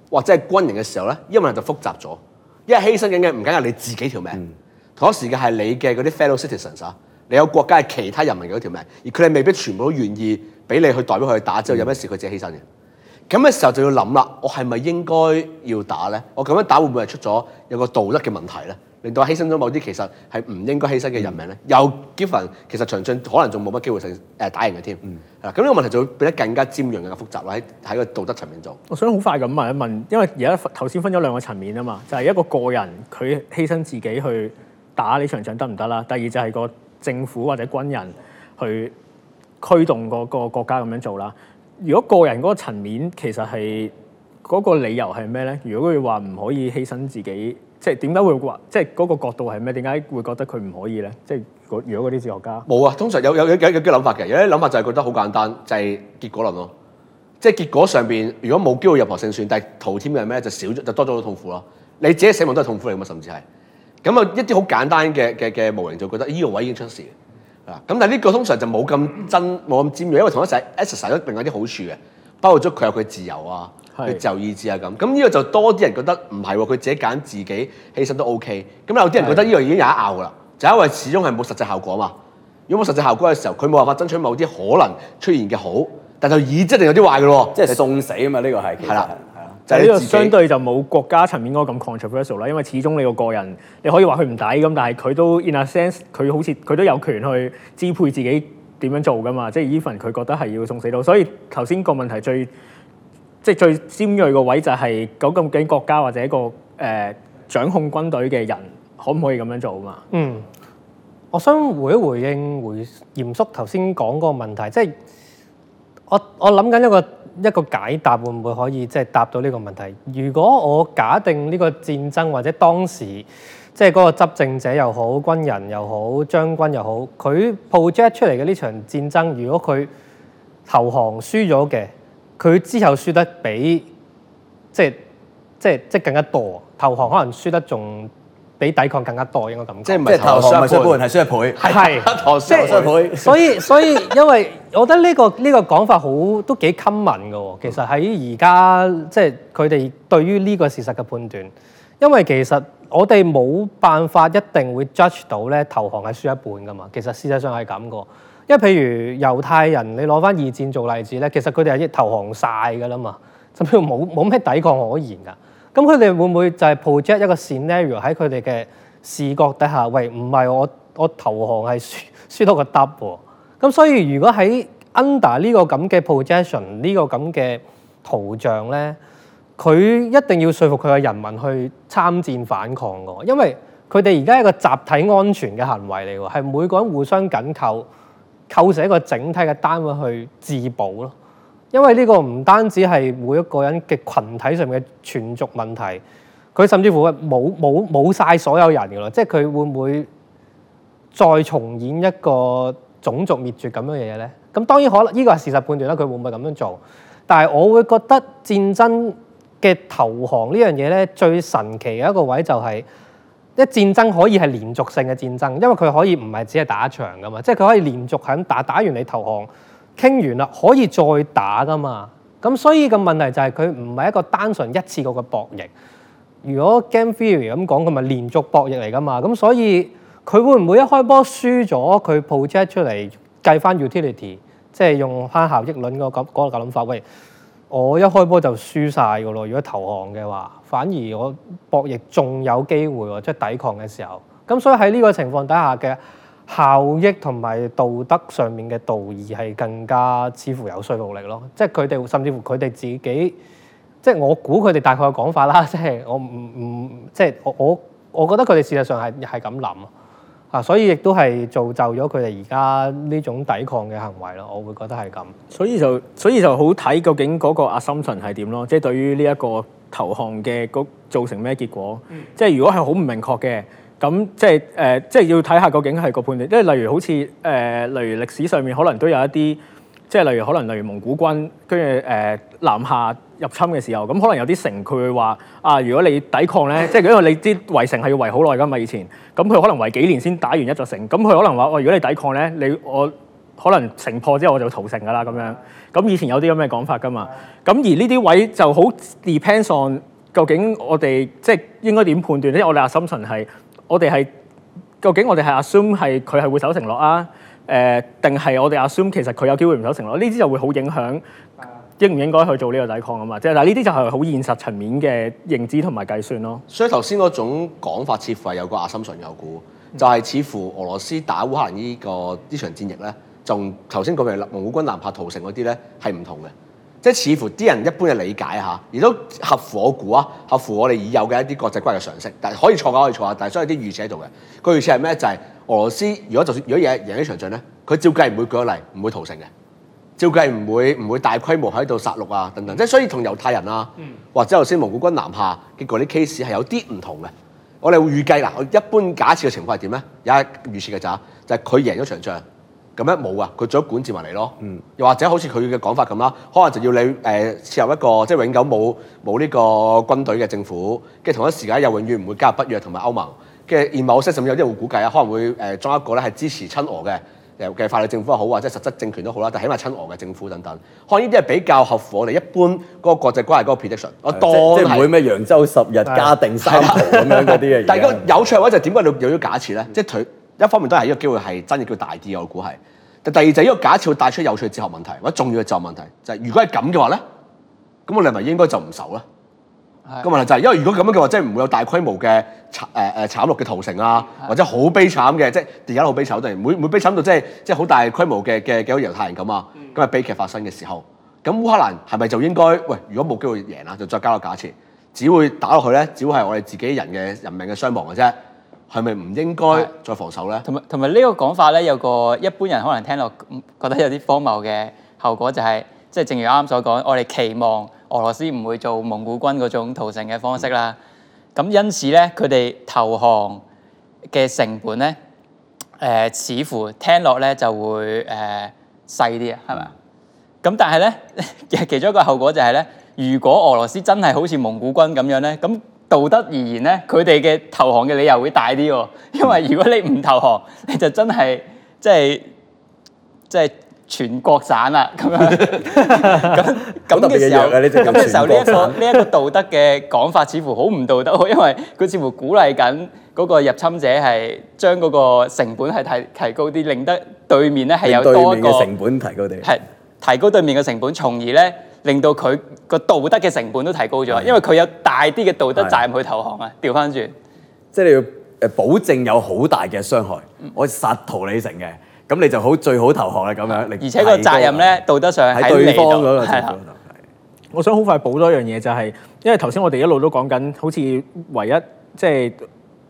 或者係軍人嘅時候咧，呢個問題就複雜咗。因為犧牲緊嘅唔淨係你自己條命，嗯、同一時間係你嘅嗰啲 fellow citizens 啊，你有國家係其他人民嘅條命，而佢哋未必全部都願意俾你去代表佢去打，之後有咩事佢自己犧牲嘅。咁、嗯、嘅時候就要諗啦，我係咪應該要打咧？我咁樣打會唔會係出咗有個道德嘅問題咧？令到犧牲咗某啲其實係唔應該犧牲嘅人命咧，又 given 其實場仗可能仲冇乜機會勝誒打贏嘅添。嗱、嗯，咁呢個問題就會變得更加尖鋭、更加複雜啦。喺喺個道德層面做，
我想好快咁問一問，因為而家頭先分咗兩個層面啊嘛，就係、是、一個個人佢犧牲自己去打呢場仗得唔得啦？第二就係個政府或者軍人去驅動個個國家咁樣做啦。如果個人嗰個層面其實係嗰、那個理由係咩咧？如果佢話唔可以犧牲自己？即係點解會話？即係嗰、那個角度係咩？點解會覺得佢唔可以咧？即係如果嗰啲哲學家
冇啊，通常有有有有啲諗法嘅。有啲諗法，法就係覺得好簡單，就係、是、結果論咯、嗯嗯。即係結果上邊，如果冇機會任何勝算，但係圖添嘅係咩？就少咗，就多咗好多痛苦咯。你自己死亡都係痛苦嚟㗎嘛，甚至係。咁啊，一啲好簡單嘅嘅嘅模型就覺得，依、這個位置已經出事啦。咁、嗯、但係呢個通常就冇咁真，冇咁尖鋭，因為同時是另外一世 exercise 一定有啲好處嘅，包括咗佢有佢自由啊。佢就意志啊咁，咁呢個就多啲人覺得唔係喎，佢自己揀自己，其實都 OK。咁有啲人覺得呢個已經有一拗啦，就因為始終係冇實際效果嘛。如果冇實際效果嘅時候，佢冇辦法爭取某啲可能出現嘅好，但就意志一定有啲
壞嘅咯，即係送死啊嘛！呢、呢個係係啦，係
啊，就呢個相對就冇國家層面嗰個咁 controversial 啦，因為始終你個個人你可以話佢唔抵咁，但係佢都 in a sense 佢好似佢都有權去支配自己點樣做噶嘛，即、就、係、是、even，佢覺得係要送死到。所以頭先個問題最。即係最尖銳個位就係究竟個國家或者一個誒、呃、掌控軍隊嘅人，可唔可以咁樣做啊？嘛，嗯，我想回
一回應回嚴叔頭先講嗰個問題，即係我我諗緊一個一個解答會唔會可以即係答到呢個問題，如果我假定呢個戰爭或者當時即係嗰個執政者又好、軍人又好、將軍又好，佢 project 出嚟嘅呢場戰爭，如果佢投降輸咗嘅。佢之後輸得比即係即係即係更加多，投降可能輸得仲比抵抗更加多，應該噉講。即係投降唔係輸，輸一倍？係輸
一半。係即係所以所以，所
以 因為我覺得呢個呢個講法好都幾襟民嘅喎。其實喺而家即係佢哋對於呢個事實嘅判斷，因為其實我哋冇辦法一定會 judge 到咧投降係輸一半嘅嘛。其實事實上係咁㗎。因為譬如猶太人，你攞翻二戰做例子咧，其實佢哋係投降晒噶啦嘛，就冇冇咩抵抗可言噶。咁佢哋會唔會就係 project 一個 scenario 喺佢哋嘅視覺底下？喂，唔係我我投降係輸輸多個 double 喎。咁所以如果喺 under 呢個咁嘅 projection 呢個咁嘅圖像咧，佢一定要說服佢嘅人民去參戰反抗㗎。因為佢哋而家係一個集體安全嘅行為嚟喎，係每個人互相緊扣。構成一個整體嘅單位去自保咯，因為呢個唔單止係每一個人嘅群體上面嘅存續問題，佢甚至乎冇冇冇晒所有人嘅咯，即係佢會唔會再重演一個種族滅絕咁樣嘅嘢咧？咁當然可能呢個係事實判斷啦，佢會唔會咁樣做？但係我會覺得戰爭嘅投降呢樣嘢咧，最神奇嘅一個位就係、是。一戰爭可以係連續性嘅戰爭，因為佢可以唔係只係打一場噶嘛，即係佢可以連續肯打，打完你投降傾完啦，可以再打噶嘛。咁所以個問題就係佢唔係一個單純一次過嘅博弈。如果 game theory 咁講，佢咪連續博弈嚟噶嘛？咁所以佢會唔會一開波輸咗，佢 project 出嚟計翻 utility，即係用翻效益論個咁嗰個諗法？喂！我一開波就輸晒㗎咯，如果投降嘅話，反而我博弈仲有機會喎，即係抵抗嘅時候。咁所以喺呢個情況底下嘅效益同埋道德上面嘅道義係更加似乎有説服力咯。即係佢哋甚至乎佢哋自己，即係我估佢哋大概嘅講法啦。即係我唔唔即係我我我覺得佢哋事實上係係咁諗。所以亦都係造就咗佢哋而家呢種抵抗嘅行為咯，我會覺得係咁。
所以就所以就好睇究竟嗰個 assumption 係點咯，即係對於呢一個投降嘅做造成咩結果？嗯、即係如果係好唔明確嘅，咁即係、呃、即係要睇下究竟係個判斷，即係例如好似、呃、例如歷史上面可能都有一啲。即係例如可能例如蒙古軍跟住誒南下入侵嘅時候，咁可能有啲城佢會話啊，如果你抵抗咧，即係因為你啲圍城係要圍好耐㗎嘛，以前咁佢可能圍幾年先打完一座城，咁佢可能話哦，如果你抵抗咧，你我可能城破之後我就屠城㗎啦咁樣。咁以前有啲咁嘅講法㗎嘛。咁而呢啲位置就好 depends on 究竟我哋即係應該點判斷咧？我哋 assume 係我哋係究竟我哋係 assume 係，佢係會守承諾啊？誒、呃，定係我哋 assume 其實佢有機會唔守承諾咯？呢啲就會好影響應唔應該去做呢個抵抗啊嘛。即係，呢啲就係好現實層面嘅認知同埋計算咯。所以
頭先嗰種講法，似乎有個阿心存有股，就係、是、似乎俄羅斯打烏克蘭呢、這個呢場戰役咧，同頭先講嘅蒙古軍南下屠城嗰啲咧係唔同嘅。即係似乎啲人一般嘅理解嚇，亦都合乎我估啊，合乎我哋已有嘅一啲國際關係嘅常識。但係可以錯嘅，可以錯啊！但係所有啲預設喺度嘅，個預設係咩？就係、是、俄羅斯如果就算如果贏贏咗場仗咧，佢照計唔會舉例，唔會屠城嘅，照計唔會唔會大規模喺度殺戮啊等等。即係所以同猶太人啊、嗯，或者頭先蒙古軍南下，結果啲 case 係有啲唔同嘅。我哋會預計嗱，我一般假設嘅情況係點咧？有一預設嘅就係、是，就係佢贏咗場仗。咁樣冇啊，佢做咗管治埋嚟咯。嗯。又或者好似佢嘅講法咁啦，可能就要你誒設立一個即係、就是、永久冇冇呢個軍隊嘅政府，跟住同一時間又永遠唔會加入北約同埋歐盟嘅，而某些甚至有啲人會估計啊，可能會誒、呃、裝一個咧係支持親俄嘅嘅、呃、法律政府又好，或者實質政權都好啦，但係起碼親俄嘅政府等等。可能呢啲係比較合乎我哋一般嗰個國際關係嗰個 prediction。我多即係唔會咩揚
州十日嘉定三係啊、哎。
咁樣嗰啲嘅。 但如果有趣位，就點解你有咗假設咧、嗯？即係佢。一方面都係一個機會，係真嘅叫大啲，我估係。但第二就係呢個假設會帶出有趣嘅哲學問題，或者重要嘅就問題，就係、是、如果係咁嘅話咧，咁我哋係咪應該就唔守
咧？個問題
就係、是、因為如果咁樣嘅話，即係唔會有大規模嘅、呃、慘誒誒慘嘅屠城啊，或者好悲慘嘅，即係而家好悲慘的，定唔會唔會悲慘到即係即係好大規模嘅嘅嘅猶太人咁啊？咁、嗯、啊悲劇發生嘅時候，咁烏克蘭係咪就應該喂？如果冇機會贏啦，就再加個假設，只會打落去咧，只會係我哋自己
人嘅人命嘅傷亡嘅啫。係咪唔應該再防守咧？同埋同埋呢個講法咧，有個一般人可能聽落覺得有啲荒謬嘅後果，就係即係正如啱啱所講，我哋期望俄羅斯唔會做蒙古軍嗰種屠城嘅方式啦。咁因此咧，佢哋投降嘅成本咧，誒似乎聽落咧就會誒細啲啊，係咪啊？咁但係咧，其實其中一個後果就係咧，如果俄羅斯真係好似蒙古軍咁樣咧，咁。道德而言咧，佢哋嘅投降嘅理由會大啲，因為如果你唔投降，你就真係，即係，即係，全國散啦咁樣。咁咁嘅時候，咁嘅時候呢一個呢一個道德嘅講法似乎好唔道德，因為佢似乎鼓勵緊嗰個入侵者係將嗰個成本係提提高啲，令得對面咧係有多個對面成本提高啲，係提高對面嘅成本，從而咧。令到佢個道德嘅成本都提高咗，因為佢有大啲嘅道德責任去投降啊！調翻轉，
即係你要誒保證有好大嘅傷害，嗯、我殺逃你成嘅，咁你就好最好投降啦咁樣。而且個責任咧
道德上係對方嗰個的的，
我想好快補多一樣嘢就係、是，因為頭先我哋一路都講緊，好似唯一即係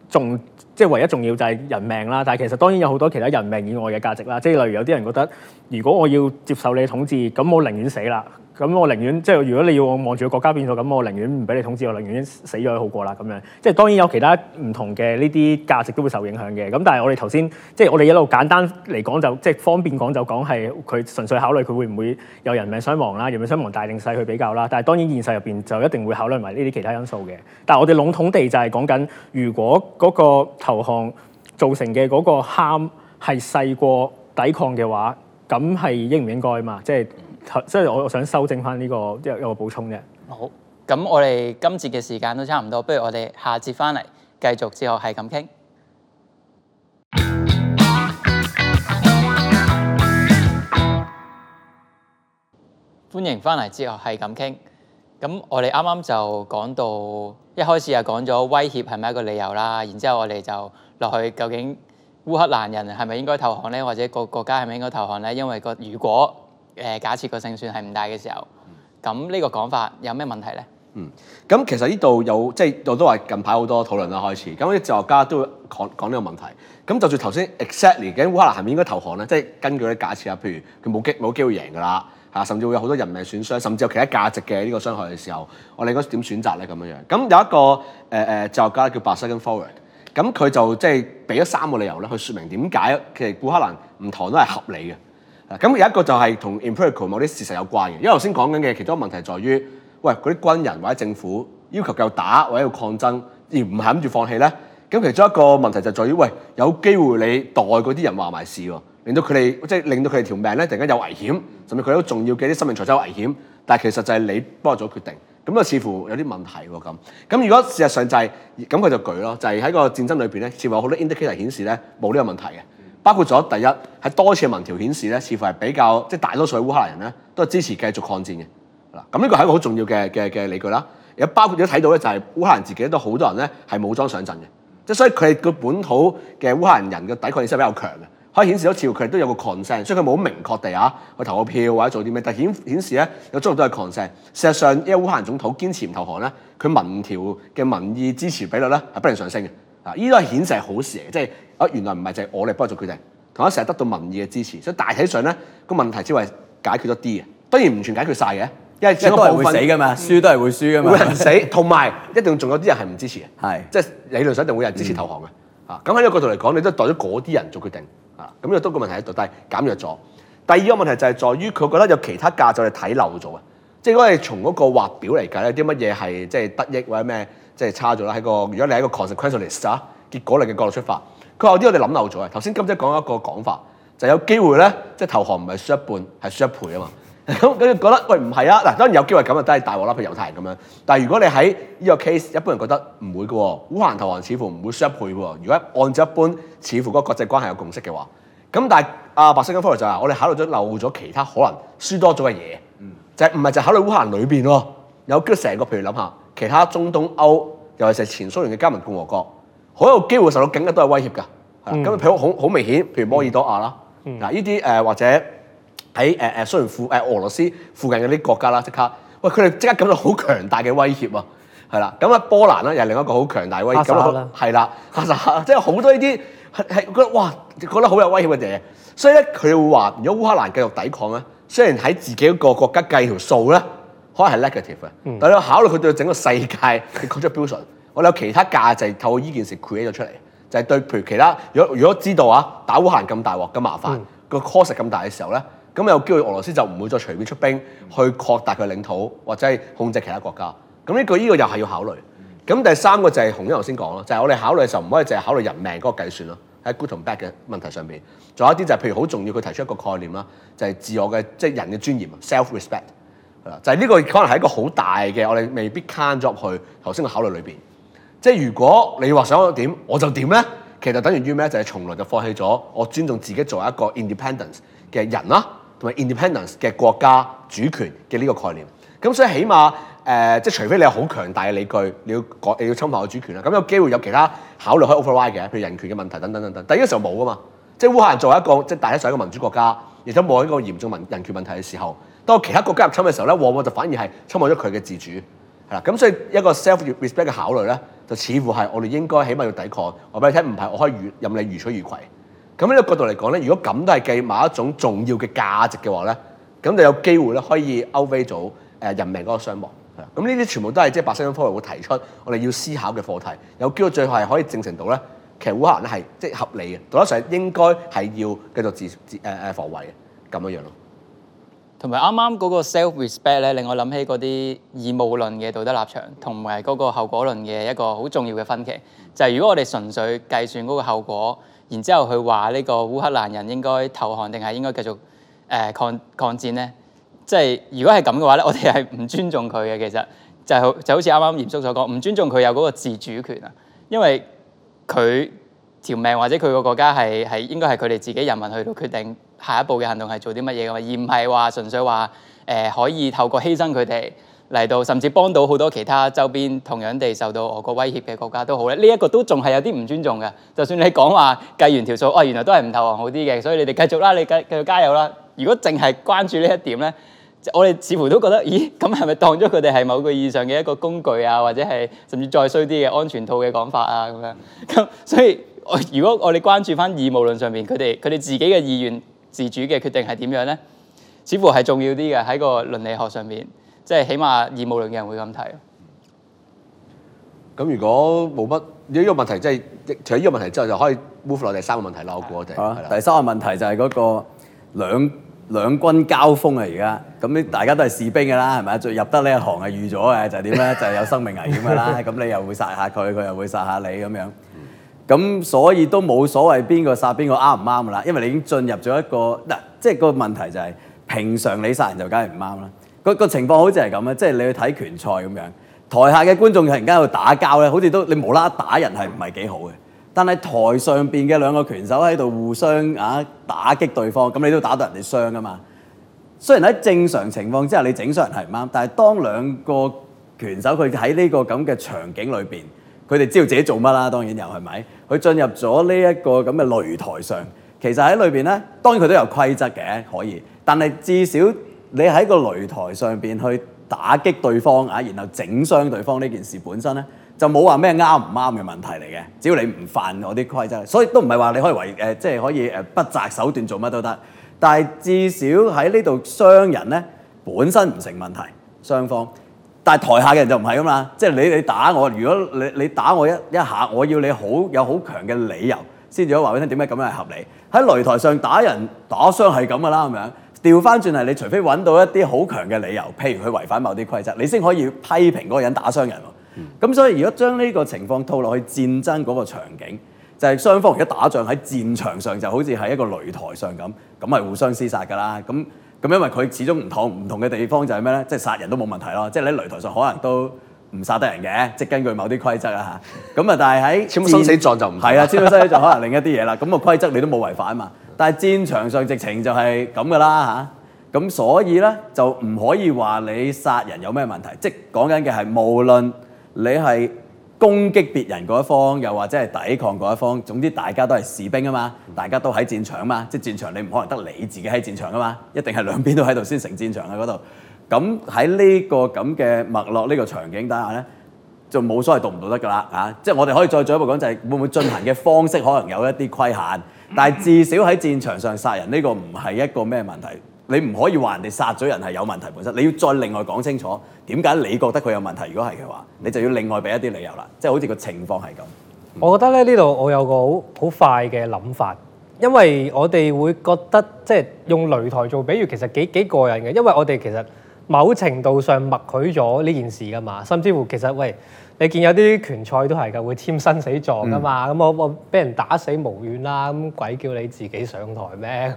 仲。就是即係唯一重要就係人命啦，但係其實當然有好多其他人命以外嘅價值啦。即係例如有啲人覺得，如果我要接受你嘅統治，咁我寧願死啦。咁我寧願即係如果你要我望住個國家變到咁，我寧願唔俾你統治，我寧願死咗都好過啦。咁樣即係當然有其他唔同嘅呢啲價值都會受影響嘅。咁但係我哋頭先即係我哋一路簡單嚟講就即係方便講就講係佢純粹考慮佢會唔會有人命傷亡啦，人命傷亡大定細去比較啦。但係當然現實入邊就一定會考慮埋呢啲其他因素嘅。但係我哋籠統地就係講緊如果嗰個投降造成嘅嗰個慘係細過抵抗嘅話，咁係應唔應該嘛？即係即係我我想修正翻呢
個，即係一個補充啫。好，咁我哋今次嘅時間都差唔多，不如我哋下次翻嚟繼續之後係咁傾。歡迎翻嚟之後係咁傾。咁我哋啱啱就講到。一開始就講咗威脅係咪一個理由啦，然之後我哋就落去究竟烏克蘭人係咪應該投降咧，或者個國家係咪應該投降咧？因為個如果誒假設個勝算係唔大嘅時候，咁呢個講法有咩問題咧？嗯，
咁其實呢度有即係我都話近排好多討論啦，開始，咁啲哲學家都會講講呢個問題。咁就算頭先 exactly 究竟烏克蘭係咪應該投降咧？即係根據啲假設啊，譬如佢冇機冇機會贏㗎啦。嚇，甚至會有好多人命損傷，甚至有其他價值嘅呢個傷害嘅時候，我哋應該點選擇咧？咁樣樣，咁有一個誒誒哲學家叫 Bazargan Forward，咁佢就即係俾咗三個理由咧去説明點解其實烏克蘭唔投降都係合理嘅。咁有一個就係同 empirical 某啲事實有關嘅，因為頭先講緊嘅其中一個問題在於，喂嗰啲軍人或者政府要求夠打或者要抗爭，而唔係諗住放棄咧。咁其中一個問題就係在於，喂有機會你代嗰啲人話埋事喎。令到佢哋即係令到佢哋條命咧，突然間有危險，甚至佢啲好重要嘅啲生命財產有危險。但係其實就係你幫我做決定，咁啊，似乎有啲問題喎咁。咁如果事實上就係、是、咁，佢就舉咯，就係、是、喺個戰爭裏邊咧，似乎有好多 indicator 顯示咧冇呢個問題嘅。包括咗第一，喺多次嘅民調顯示咧，似乎係比較即係、就是、大多數嘅烏克蘭人咧都係支持繼續抗戰嘅。嗱，咁呢個係一個好重要嘅嘅嘅理據啦。有包括咗睇到咧，就係烏克蘭自己都好多人咧係武裝上陣嘅，即係所以佢哋個本土嘅烏克蘭人嘅抵抗意識、抵抗性比較強嘅。可以顯示到，似乎佢哋都有個 consent，所以佢冇好明確地呀去投個票或者做啲咩。但顯顯示咧，有足夠都係 consent。事實上，因為烏克蘭總統堅持唔投降咧，佢民調嘅民意支持比率咧係不斷上升嘅。啊，呢都係顯示係好事嘅，即係啊，原來唔係就係我哋幫佢做決定，同一成日得到民意嘅支持。所以大體上咧個問題只係解決咗啲嘅，當然唔全解決晒嘅，因為少部分是會死嘅嘛，輸都係會輸嘅嘛。會死，同 埋一定仲有啲人係唔支持嘅，係即係理論上一定會有人支持投降嘅。啊、嗯，咁喺呢個角度嚟講，你都代咗嗰啲人做決定。咁又都個問題喺度，但係減弱咗。第二個問題就係在於佢覺得有其他價值就係睇漏咗啊！即係我哋從嗰個畫表嚟計咧，啲乜嘢係即係得益或者咩即係差咗啦？喺個如果你喺個 consequentialist 啊結果論嘅角度出發，佢話啲我哋諗漏咗啊！頭先金姐講一個講法，就係、有機會咧，即係投降唔係輸一半，係輸一倍啊嘛！咁 咁覺得喂唔係啊嗱，當然有機會咁啊，都係大鑊啦，譬如猶太人咁樣。但如果你喺呢個 case，一般人覺得唔會嘅喎，烏克蘭投降似乎唔會輸一倍喎。如果按照一般，似乎個國際關係有共識嘅話。咁但係，阿、啊、白石嘅分析就係話，我哋考慮咗漏咗其他可能輸多咗嘅嘢，就係唔係就考慮烏克蘭裏邊咯？有跟住成個，譬如諗下其他中東歐，尤其係前蘇聯嘅加盟共和國，好有機會受到更加多嘅威脅㗎。咁譬如好好明顯，譬如摩爾多瓦啦，嗱呢啲誒或者喺誒誒蘇聯附誒、呃、俄羅斯附近嘅啲國家啦，即刻喂佢哋即刻感到好強大嘅威脅啊！係啦，咁啊波蘭啦又係另一個好強大嘅威脅，係、啊、啦，即係好多呢啲。係係覺得哇，覺得好有威脅嘅嘢，所以咧佢會話：如果烏克蘭繼續抵抗咧，雖然喺自己個國家計條數咧，可能係 negative 嘅、嗯，但你要考慮佢對整個世界嘅 contribution，、嗯、我哋有其他價值透過呢件事 create 咗出嚟，就係、係、對，譬如其他，如果如果知道啊，打烏克蘭咁大鑊嘅麻煩，嗯個 cost 咁大嘅時候咧，咁有機會俄羅斯就唔會再隨便出兵去擴大佢領土或者係控制其他國家。咁呢、呢個呢、呢個又係要考慮。咁第三個就係洪恩頭先講啦，就係我哋考慮嘅時候唔可以淨係考慮人命嗰個計算咯，喺 good 同 bad 嘅問題上面，仲有一啲就係譬如好重要，佢提出一個概念啦，就係自我嘅即係人嘅尊嚴 self respect，係啦，就係呢個可能係一個好大嘅我哋未必 c a 去頭先嘅考慮裏面。即係如果你話想我點我就點咧，其實等於咩？就係從來就放棄咗我尊重自己作為一個 independence 嘅人啦，同埋 independence 嘅國家主權嘅呢個概念，咁所以起碼。誒、呃，即係除非你有好強大嘅理據，你要講你要侵犯我主權啦，咁有機會有其他考慮可以 override 嘅，譬如人權嘅問題等等等等。但呢個時候冇噶嘛，即係烏克蘭作為一個即係大一十一個民主國家，亦都冇一個嚴重民人權問題嘅時候，當其他國家入侵嘅時候咧，往往就反而係侵犯咗佢嘅自主，係啦。咁所以一個 self respect 嘅考慮咧，就似乎係我哋應該起碼要抵抗。我俾你聽，唔係我可以任你如取如攜。咁呢個角度嚟講咧，如果咁都係計埋一種重要嘅價值嘅話咧，咁就有機會咧可以 override 咗到人命嗰個傷亡。咁呢啲全部都係即係百生科會提出我哋要思考嘅課題，有機會最後係可以證成到呢？咧，其實烏克蘭係即係合理嘅道德上應該係要繼續自
自誒誒防衛嘅咁樣樣咯。同埋啱啱嗰個 self respect 咧，令我諗起嗰啲義務論嘅道德立場，同埋嗰個後果論嘅一個好重要嘅分歧，就係、是、如果我哋純粹計算嗰個後果，然之後去話呢個烏克蘭人應該投降定係應該繼續抗抗，抗戰咧？即係如果係咁嘅話咧，我哋係唔尊重佢嘅。其實就好、就好似啱啱嚴叔所講，唔尊重佢有嗰個自主權啊。因為佢條命或者佢個國家係係應該係佢哋自己人民去到決定下一步嘅行動係做啲乜嘢嘅，而唔係話純粹話誒、呃、可以透過犧牲佢哋嚟到甚至幫到好多其他周邊同樣地受到俄國威脅嘅國家都好咧。呢、這、一個都仲係有啲唔尊重嘅。就算你講話計完條數，哇、哦、原來都係唔投降好啲嘅，所以你哋繼續啦，你繼繼續加油啦。如果淨係關注呢一點咧。我哋似乎都覺得，咦？咁係咪當咗佢哋係某個意義上嘅一個工具啊，或者係甚至再衰啲嘅安全套嘅講法啊咁樣？咁所以，我如果我哋關注翻義務論上面，佢哋佢哋自己嘅意願自主嘅決定係點樣咧？似乎係重要啲嘅喺個倫理學上面，即係起碼義務論嘅人會咁睇。
咁如果冇乜
呢個問題，即係除咗呢個問題之後，就可以 move 落第三個問題咯。我估我哋啊，第三個問題就係嗰個兩。兩軍交鋒啊！而家咁啲大家都係士兵嘅啦，係咪啊？入得呢一行係預咗嘅，就點、是、咧？就係、是、有生命危險嘅啦。咁 你又會殺下佢，佢又會殺下你咁樣。咁所以都冇所謂邊個殺邊個啱唔啱嘅啦。因為你已經進入咗一個嗱，即係、個問題就係、是、平常你殺人就梗係唔啱啦。個情況好似係咁咧，即、就、係、是、你去睇拳賽咁樣，台下嘅觀眾喺人家度打交咧，好似都你無啦啦打人係唔係幾好嘅？但係台上邊嘅兩個拳手喺度互相啊打擊對方，咁你都打到人哋傷噶嘛？雖然喺正常情況之下你整傷人係唔啱，但係當兩個拳手佢喺呢個咁嘅場景裏邊，佢哋知道自己做乜啦，當然又係咪？佢進入咗呢一個咁嘅擂台上，其實喺裏邊呢，當然佢都有規則嘅，可以。但係至少你喺個擂台上邊去打擊對方啊，然後整傷對方呢件事本身呢。就冇話咩啱唔啱嘅問題嚟嘅，只要你唔犯我啲規則，所以都唔係話你可以違誒，即係可以誒不擇手段做乜都得。但係至少喺呢度傷人咧，本身唔成問題，雙方。但係台下嘅人就唔係㗎嘛，即係你你打我，如果你你打我一一下，我要你好有好強嘅理由先至可以話俾你聽點解咁樣係合理。喺擂台上打人打傷係咁㗎啦，咁樣調翻轉嚟，你，除非揾到一啲好強嘅理由，譬如佢違反某啲規則，你先可以批評嗰個人打傷人。咁、嗯、所以，如果將呢個情況套落去戰爭嗰個場景，就係、是、雙方而家打仗喺戰場上就好似係一個擂台上咁，咁係互相廝殺㗎啦。咁咁因為佢始終唔同唔同嘅地方就係咩咧？即、就、係、是、殺人都冇問題咯。即係你喺擂台上可能都唔殺得人嘅，即、就、係、是、根據某啲規則啊。咁啊，但係喺生死狀就唔係啊，生死狀可能另一啲嘢啦。咁、那、啊、個、規則你都冇違反啊嘛。但係戰場上直情就係咁㗎啦嚇。咁所以咧就唔可以話你殺人有咩問題，即係講緊嘅係無論。你係攻擊別人嗰一方，又或者係抵抗嗰一方，總之大家都係士兵啊嘛，大家都喺戰場啊嘛，即係戰場你唔可能得你自己喺戰場啊嘛，一定係兩邊都喺度先成戰場啊嗰度。咁喺呢個咁嘅脈絡呢個場景底下呢，就冇所謂道唔道德㗎啦嚇，即係我哋可以再進一步講、就係，就係會唔會進行嘅方式可能有一啲規限，但係至少喺戰場上殺人呢、呢個唔係一個咩問題。你唔可以話人哋殺咗人係有問題本身，你要再另外講清楚點解你覺得佢有問題。如果係嘅話，你就要另外俾一啲理由啦。即係好似個情況係咁。嗯，
我覺得咧，呢度我有個好好快嘅諗法，因為我哋會覺得即係用擂台做比喻其實幾幾過癮嘅，因為我哋其實某程度上默許咗呢件事噶嘛，甚至乎其實喂。你見有啲拳賽都係㗎，會簽生死狀㗎嘛？咁、嗯、我我俾人打死無怨啦、啊，咁鬼叫你自己上台咩？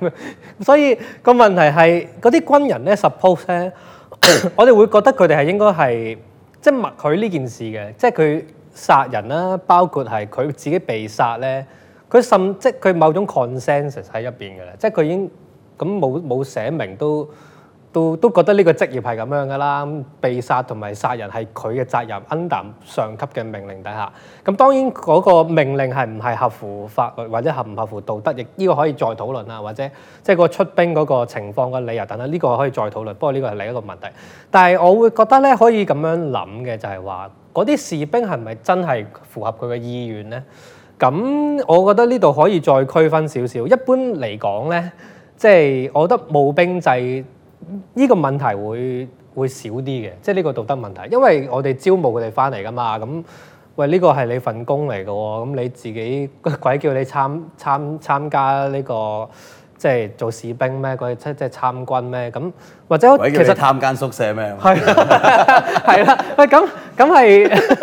咁 所以、個問題係嗰啲軍人咧，suppose 咧， 我哋會覺得佢哋係應該係即係默許呢件事嘅，即係佢殺人啦、啊，包括係佢自己被殺咧，佢甚至即佢、即係、某種 consensus 喺入面㗎啦，即係佢已經咁冇冇寫明都。都都覺得呢個職業係咁樣噶啦，被殺同埋殺人係佢嘅責任，under 上級嘅命令底下。咁當然嗰個命令係唔係合乎法律或者合唔合乎道德，亦呢個可以再討論啊，或者即係個出兵嗰個情況嘅理由等等，呢個可以再討論。不過呢個係另一個問題。但係我會覺得咧，可以咁樣諗嘅就係話，嗰啲士兵係咪真係符合佢嘅意願咧？咁我覺得呢度可以再區分少少。一般嚟講咧，即係我覺得募兵制。呢個問題會會少啲嘅，即係呢個道德問題，因為我哋招募佢哋翻嚟噶嘛，咁喂呢個係你份工嚟嘅喎，咁你自己鬼叫你參參參加呢個即係做士兵咩？鬼即即係參軍咩？咁或者其實探間宿舍咩？係係啦，喂咁咁係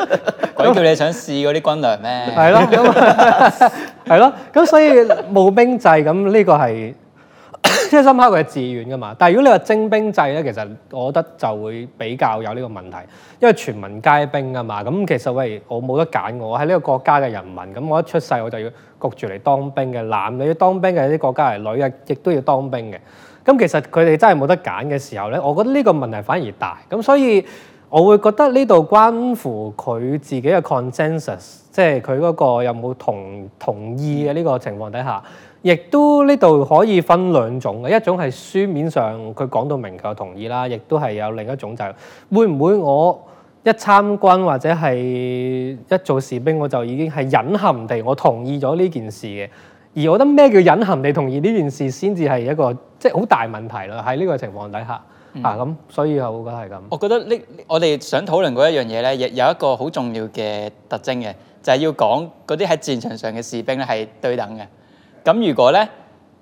鬼叫你想試嗰啲軍糧咩？係咯，
係咯，咁 所以募兵制咁呢個係。即 係深刻佢係自願噶嘛，但係如果你話徵兵制咧，其實我覺得就會比較有呢個問題，因為全民皆兵啊嘛，咁其實喂我冇得揀，我喺呢個國家嘅人民，咁我一出世我就要焗住嚟當兵嘅，男你要當兵嘅啲國家嚟，女啊亦都要當兵嘅，咁其實佢哋真係冇得揀嘅時候咧，我覺得呢個問題反而大，咁所以我會覺得呢度關乎佢自己嘅 consensus，即係佢嗰個有冇同同意嘅呢個情況底下。亦都呢度可以分兩種嘅，一種係書面上佢講到明，佢同意啦。亦都係有另一種就係會唔會我一參軍或者係一做士兵，我就已經係隱含地我同意咗呢件事嘅。而我覺得咩叫隱含地同意呢件事，先至係一個即係好大問題咯。喺呢個情況底下啊，咁所以我覺得係咁。
我覺得呢，我哋想討論嗰一樣嘢咧，亦有一個好重要嘅特徵嘅，就係要講嗰啲喺戰場上嘅士兵咧係對等嘅。咁如果咧，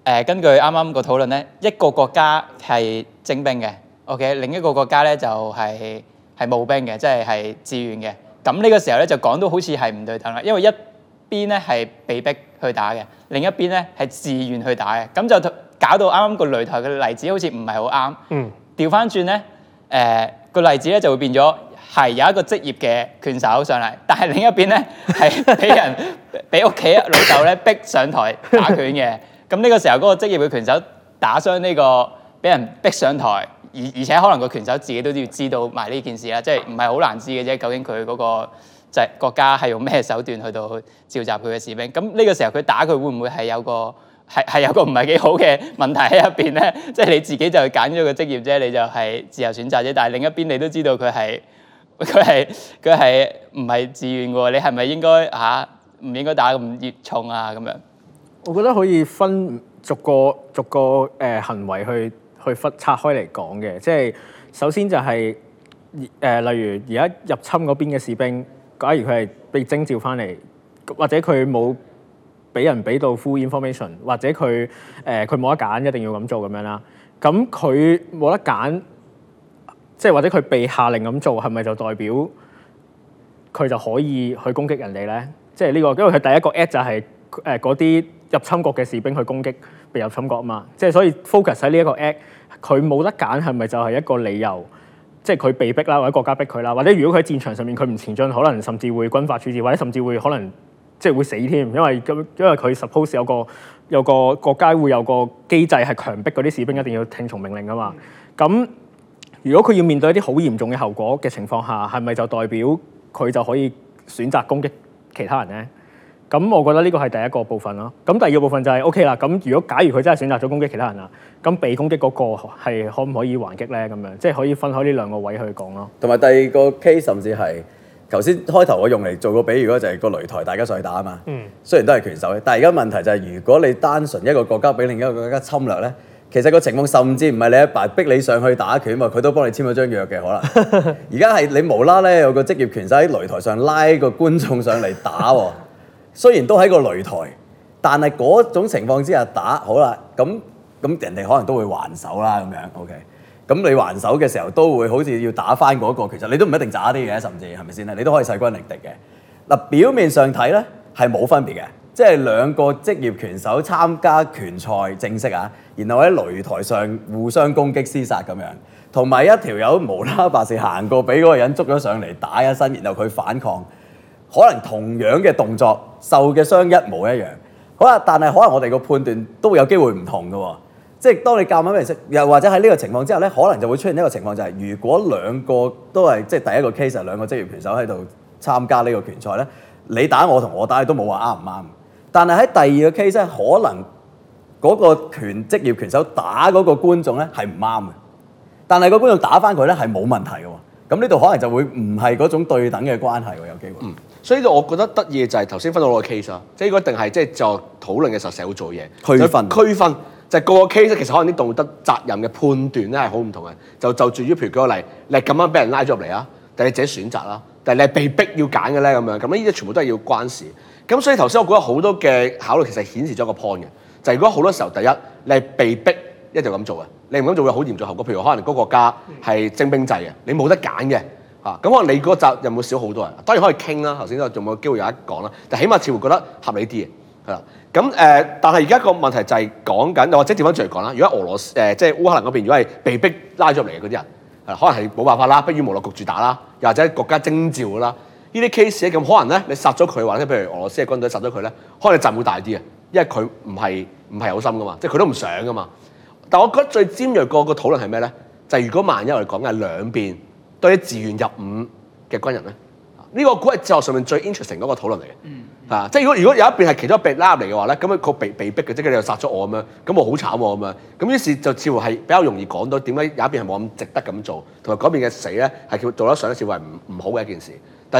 誒根據啱啱個討論咧，一個國家係徵兵嘅，OK，另一個國家咧就係係募兵嘅，即係係志願嘅。咁呢個時候咧就講到好似係唔對等啦，因為一邊咧係被逼去打嘅，另一邊咧係志願去打嘅。咁就搞到啱啱個擂台嘅例子好似唔係好啱。嗯，調返轉咧，誒個例子咧就會變咗。係有一個職業嘅拳手上嚟，但係另一邊咧係俾人俾屋企老豆咧逼上台打拳嘅。咁呢個時候，嗰個職業嘅拳手打傷呢、這個俾人逼上台，而而且可能個拳手自己都要知道埋呢件事啦，即係唔係好難知嘅啫。究竟佢嗰、那個就國家係用咩手段去到召集佢嘅士兵？咁呢個時候佢打佢會唔會係有個係係有個唔係幾好嘅問題喺入邊咧？即、就、係、是、你自己就去揀咗個職業啫，你就係自由選擇啫。但係另一邊你都知道佢係。佢係佢係唔係自願嘅喎？你係咪應該吓，唔、啊、應該打咁熱衷啊？咁樣，
我覺得可以分逐個逐個誒、呃、行為去去分拆開嚟講嘅。即係首先就係、是、誒、呃，例如而家入侵嗰邊嘅士兵，假如佢係被徵召翻嚟，或者佢冇俾人俾到 full information，或者佢誒佢冇得揀，一定要咁做咁樣啦。咁佢冇得揀。即係或者佢被下令咁做，係咪就代表佢就可以去攻擊人哋咧？即係呢個，因為佢第一個 app 就係誒嗰啲入侵國嘅士兵去攻擊被入侵國啊嘛。即係所以 focus 喺呢一個 app，佢冇得揀，係咪就係一個理由？即係佢被逼啦，或者國家逼佢啦，或者如果佢喺戰場上面佢唔前進，可能甚至會軍法處置，或者甚至會可能即係會死添。因為咁，因為佢 suppose 有個有個國家會有個機制係強迫嗰啲士兵一定要聽從命令㗎嘛。咁如果佢要面對一啲好嚴重嘅後果嘅情況下，係咪就代表佢就可以選擇攻擊其他人呢？咁我覺得呢個係第一個部分咯。咁第二個部分就係 OK 啦。咁、OK、如果假如佢真係選擇咗攻擊其他人啦，咁被攻擊嗰個係可唔可以還擊呢？咁樣即係、就是、可以分開呢兩個位去講咯。
同埋第二個 case 甚至係頭先開頭我用嚟做個比喻咧，就係、是、個擂台大家上去打啊嘛。嗯。雖然都係拳手嘅，但係而家問題就係、是、如果你單純一個國家俾另一個國家侵略呢。其實個情況甚至唔係你阿爸逼你上去打拳喎，佢都幫你簽咗張約嘅。好啦，而家係你無啦咧有個職業拳手喺擂台上拉個觀眾上嚟打喎，雖然都喺個擂台，但係嗰種情況之下打，好啦，咁咁人哋可能都會還手啦咁樣。OK，咁你還手嘅時候都會好似要打返嗰個拳，其實你都唔一定渣啲嘅，甚至係咪先咧？你都可以勢均力敵嘅。嗱，表面上睇咧係冇分別嘅。即係兩個職業拳手參加拳賽正式啊，然後喺擂台上互相攻擊廝殺咁樣，同埋一條友無啦啦，白事行過俾嗰個人捉咗上嚟打一身，然後佢反抗，可能同樣嘅動作受嘅傷一模一樣。好啦，但係可能我哋個判斷都有機會有機會唔同㗎喎、哦。即係當你教緊咩識，又或者喺呢個情況之後呢，可能就會出現一個情況就係、是，如果兩個都係即係第一個 case、就是、兩兩個職業拳手喺度參加呢個拳賽呢，你打我同我打你都冇話啱唔啱。但係喺第二個 case 咧，可能嗰個拳職業拳手打嗰個觀眾咧係唔啱嘅。但係個觀眾打返佢咧係冇問題嘅喎。咁呢度可能就會唔係嗰種對等嘅關係喎，有機會。嗯，所以就我覺得得意就係頭先分
到嗰個 case 啦，即係一定係即係就討論嘅時候社會做嘢區分區分就係個個 case 其實可能啲道德責任嘅判斷咧係好唔同嘅。就就住於譬如舉個例，你咁樣俾人拉咗入嚟啊，但係你自己選擇啦，但係你係被逼要揀嘅咧咁樣，咁呢啲全部都係要關事。咁所以頭先我覺得好多嘅考慮其實顯示咗個 point 嘅，就係如果好多時候，第一你係被逼一定要咁做嘅，你唔咁做會好嚴重後果。譬如可能嗰個國家係徵兵制嘅，你冇得揀嘅嚇。咁可能你個責任會少好多人？當然可以傾啦，頭先都仲有機會有一講啦。但起碼似乎覺得合理啲嘅係啦。咁誒、呃，但係而家個問題就係講緊，或者掉返出嚟講啦？如果喺俄羅斯誒即係烏克蘭嗰邊，如果係被逼拉咗嚟嗰啲人，可能係冇辦法啦，迫於無奈焗住打啦，又或者國家徵召啦。呢啲 case 咧，咁可能咧，你殺咗佢或者譬如俄羅斯嘅軍隊殺咗佢咧，可能你陣會大啲啊，因為佢唔係唔係有心噶嘛，即係佢都唔想噶嘛。但我覺得最尖鋭個個討論係咩咧？就係如果萬一我哋講嘅兩邊對於自願入伍嘅軍人咧，呢、嗯呢個估係哲學上面最 interesting 嗰個討論嚟嘅、嗯嗯。啊，即係如果如果有一邊係其中一邊拉入嚟嘅話咧，咁佢被被逼嘅，即係你又殺咗我咁樣，咁我好慘喎咁樣。咁於是就似乎係比較容易講到點解有一邊係冇咁值得咁做，同埋嗰邊嘅死咧係叫做得上一次為唔唔好嘅一件事。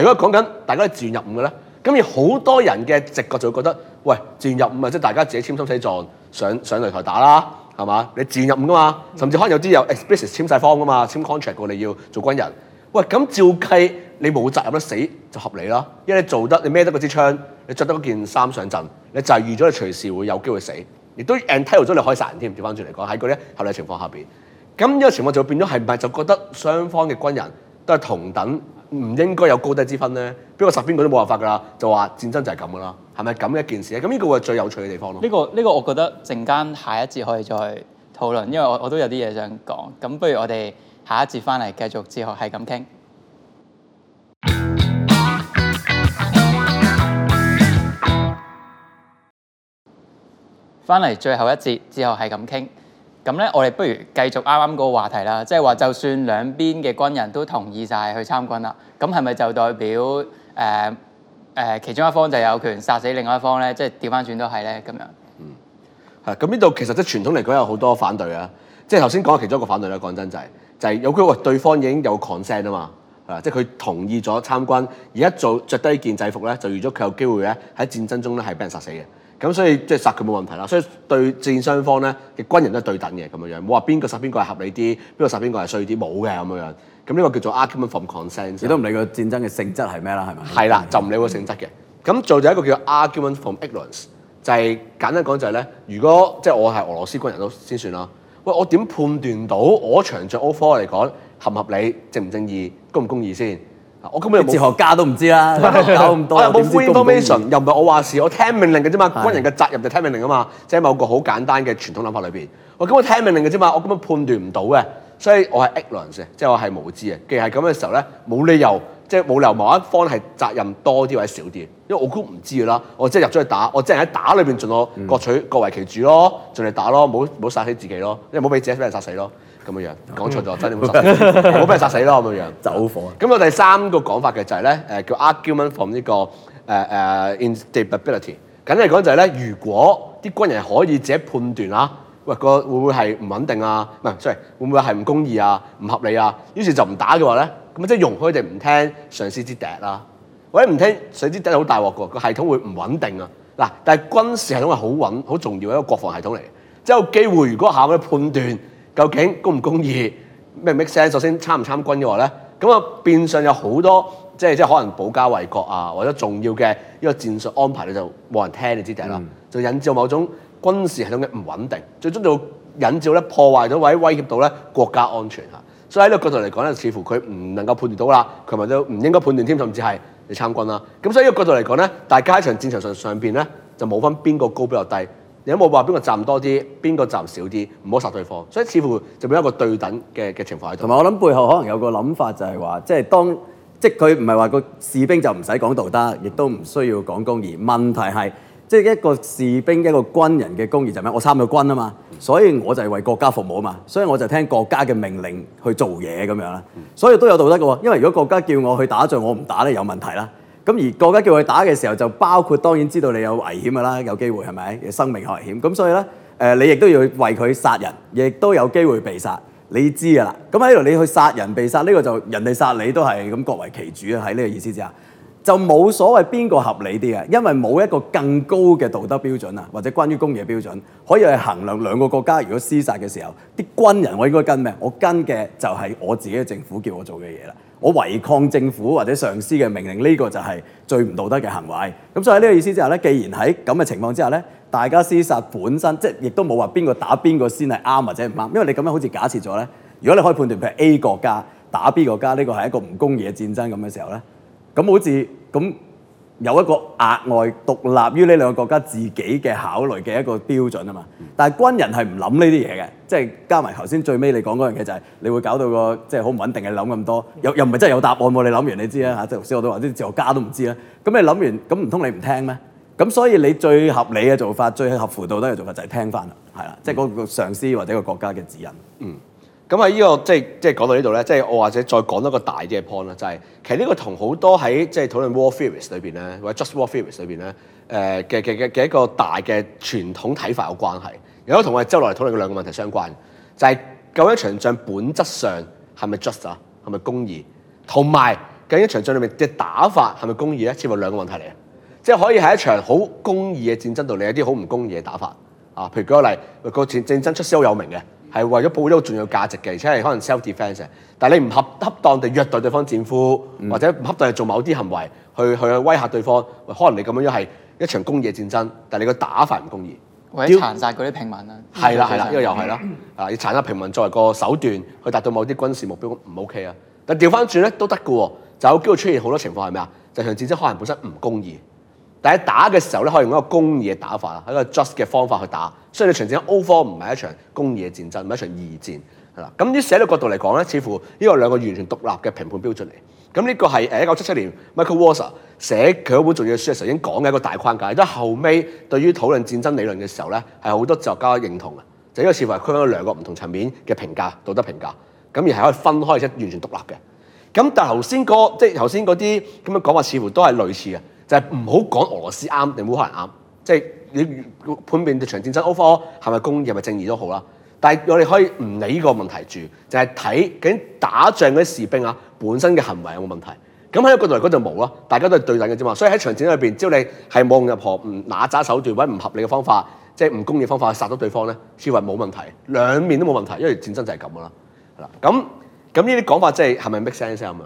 如果講緊大家都自願入伍嘅咧，咁而好多人嘅直覺就會覺得，喂，自願入伍啊，即係大家自己簽生死狀，上上擂台打啦，係嘛？你自願入伍噶嘛，甚至可能有啲有 explicit 簽曬方噶嘛，簽 contract 過，你要做軍人。喂，咁照計你冇責任得死就合理啦，因為你做得，你孭得嗰支槍，你着得嗰件衫上陣，你就係預咗你隨時會有機會死，亦都 entail 咗你可以殺人添。調翻轉嚟講，喺嗰啲合理情況下邊，咁呢個情況就會變咗係咪就覺得雙方嘅軍人都係同等？唔應該有高低之分呢，邊個十邊個都冇辦法㗎啦，就話戰爭就係咁㗎啦，係咪咁一件事咧？咁呢個會係最有趣嘅地方咯。呢
個呢個，這個、我覺得陣間下一節可以再討論，因為我我都有啲嘢想講。咁不如我哋下一節翻嚟繼續哲學係咁傾。翻嚟最後一節哲學係咁傾。咁咧，我哋不如繼續啱啱嗰個話題啦，即係話就算兩邊嘅軍人都同意晒去參軍啦，咁係咪就代表誒誒、呃呃、其中一方就有權殺死另外一方咧？即係調翻轉都係咧，咁樣。嗯，
係。咁呢度其實即係傳統嚟講有好多反對啊，即係頭先講嘅其中一個反對咧，講真就係、是、就係、是、有機會話對方已經有 consent 啊嘛，啊，即係佢同意咗參軍，而一做着低件制服咧，就預咗佢有機會咧喺戰爭中咧係被人殺死嘅。咁所以即係、就是、殺佢冇問題啦，所以對戰雙方咧嘅軍人都係對等嘅咁樣樣，冇話邊個殺邊個係合理啲，邊個殺邊個係衰啲，冇嘅咁樣樣。咁呢個叫做 argument from consent，你都唔理個戰爭嘅性質係咩啦，係咪？係啦，就唔理個性質嘅。咁、嗯、做咗一個叫 argument from ignorance，就係、是、簡單講就係、是、咧，如果即係、就是、我係俄羅斯軍人都先算啦。喂，我點判斷到我長著 overall 嚟講合唔合理、正唔正義、公唔公義先？我根本連哲學家都唔知啦，搞咁多又冇 full information，又唔係我話事，我聽命令嘅啫嘛。的軍人嘅責任就聽命令啊嘛，即係某個好簡單嘅傳統諗法裏邊。我根本聽命令嘅啫嘛，我根本判斷唔到嘅，所以我係 ignorant 啫，即係我係無知嘅。既然係咁嘅時候咧，冇理由即係冇理由某一方係責任多啲或者少啲，因為我估唔知啦。我即係入咗去打，我即係喺打裏邊盡我各取各為其主咯，盡力打咯，冇冇殺死自己咯，因為冇俾自己俾人殺死咯。咁樣樣講錯咗，真係冇俾人殺死咯咁 這樣就好火。咁 我第三個講法嘅就係咧，誒叫 argument from this, uh, uh, 呢個誒誒 instability。簡單嚟講就係咧，如果啲軍人可以自己判斷啊，喂個會唔會係唔穩定啊？唔係，sorry，會唔會係唔公義啊？唔合理啊？於是就唔打嘅話咧，咁即係容許佢哋唔聽上司之笛啦、啊。或者唔聽上司之笛好大鑊嘅，個系統會唔穩定啊？嗱，但係軍事系統係好穩、好重要一個國防系統嚟，即係有機會如果靠佢判斷。究竟公唔公義？咩 make sense？首先參唔參軍嘅話咧，咁啊變相有好多，即係即係可能保家衛國啊，或者重要嘅一個戰術安排你就冇人聽，你知底啦。嗯、就引致某種軍事系統嘅唔穩定，最終就引致咧破壞咗或者威脅到咧國家安全嚇。所以喺呢個角度嚟講咧，似乎佢唔能夠判斷到啦，佢咪都唔應該判斷添，甚至係你參軍啦。咁所以呢個角度嚟講咧，大家喺場戰場上上邊咧就冇分邊個高比較低。有冇話邊個站多啲，邊個站少啲？唔
好殺對方，所以似乎就會有一個對等嘅嘅情況喺度。同埋我諗背後可能有個諗法就係就係話，就係話，即係當即係佢唔係話個士兵就唔使講道德，亦、嗯、都唔需要講公義。問題係，即係一個士兵一個軍人嘅公義就係咩？我參咗軍啊嘛、嗯，所以我就係為國家服務啊嘛，所以我就聽國家嘅命令去做嘢咁樣啦、嗯。所以都有道德㗎，因為如果國家叫我去打仗，我唔打呢，有問題啦。咁而國家叫佢打嘅時候，就包括當然知道你有危險噶啦，有機會係咪？生命有危險咁，所以咧，誒你亦都要為為佢殺人，亦都有機會被殺。你知噶啦。咁喺度你去殺人被殺，呢個就人哋殺你都係咁各為其主啊，喺呢個意思之下，就冇所謂邊個合理啲嘅，因為冇一個更高嘅道德標準啊，或者關於公義標準，可以去衡量兩個國家如果廝殺嘅時候，啲軍人我應該跟咩？我跟嘅就係我自己嘅政府叫我做嘅嘢啦。我違抗政府或者上司嘅命令，呢、這個就係最唔道德嘅行為。咁所以呢個意思之下呢，既然喺咁嘅情況之下呢，大家廝殺本身即係亦都冇話邊個打邊個先係啱或者唔啱，因為你咁樣好似假設咗呢：如果你可以判斷譬如 A 國家打 B 國家呢、這個係一個唔公義嘅戰爭咁嘅時候呢，咁好似咁。有一個額外獨立於呢兩個國家自己嘅考慮嘅一個標準啊嘛，但係軍人係唔諗呢啲嘢嘅，即係加埋頭先最尾你講嗰樣嘢就係你會搞到個即係好唔穩定嘅諗咁多，又又唔係真係有答案喎，你諗完你知啦吓，即頭先我都話啲哲學家都唔知啦，咁你諗完咁唔通你唔聽咩？咁所以你最合理嘅做法，最合乎道德嘅做法就係聽翻啦，係啦，即係嗰個上司或者個國家嘅指引。嗯。咁喺呢個即係即係講到呢度咧，即係我或者再講多個大啲嘅
point 啦，就係其實呢個同好多喺即係討論 war theories 裏面咧，或者 just war theories 裏邊咧，誒嘅嘅嘅嘅一個大嘅傳統睇法有關係，有果同我哋周落嚟討論嘅兩個問題相關，就係究竟一場仗本質上係咪 just 啊，係咪公義？同埋究竟一場仗裏面嘅打法係咪公義咧？似乎兩個問題嚟啊，即係可以喺一場好公義嘅戰爭度，你有啲好唔公義嘅打法啊，譬如舉個例，那個戰爭出師好有名嘅。係為咗保有重要價值嘅，而且係可能 self defence 嘅。但係你唔合恰當地虐待對方戰俘、嗯，或者唔恰當地做某啲行為，去去威嚇對方，可能你咁樣樣係一場公義戰爭。但係你個打法唔公義，
或者殘殺嗰啲平民啊。係啦係啦，呢個又係啦。
啊、嗯，要殘殺平民作為一個手段去達到某啲軍事目標，唔 OK 啊。但係調翻轉咧都得嘅喎，就有機會出現好多情況係咩啊？就係戰爭可能本身唔公義，但係打嘅時候咧可以用一個公義嘅打法啊，一個 just 嘅方法去打。所以你長戰喺 O 方唔係一場工業戰爭，唔係一場二戰，係啦。咁於寫到角度嚟講咧，似乎呢個兩個完全獨立嘅評判標準嚟。咁呢個係誒一九七七年 Michael Walzer 寫佢嗰本重要的書嘅時候已經講嘅一個大框架。都後尾對於討論戰爭理論嘅時候咧，係好多作家認同嘅，就呢因為視為區分兩個唔同層面嘅評價，道德評價，咁而係可以分開而且完全獨立嘅。咁但係頭先嗰即係頭先啲咁嘅講法，話似乎都係類似嘅，就係唔好講俄羅斯啱定烏克蘭啱，即你判別對場戰爭，overall 係咪公義、係咪正義都好啦。但係我哋可以唔理呢個問題住，就係睇究竟打仗嗰啲士兵啊本身嘅行為有冇問題。咁喺個角度嚟講就冇啦，大家都係對等嘅啫嘛。所以喺場戰裏邊，只要你係冇任何唔拿詐手段、或者唔合理嘅方法，即係唔公義方法去殺咗對方咧，視為冇問題，兩面都冇問題，因為戰爭就係咁噶啦。係啦，咁咁呢啲講法即係係咪 make sense 咁樣？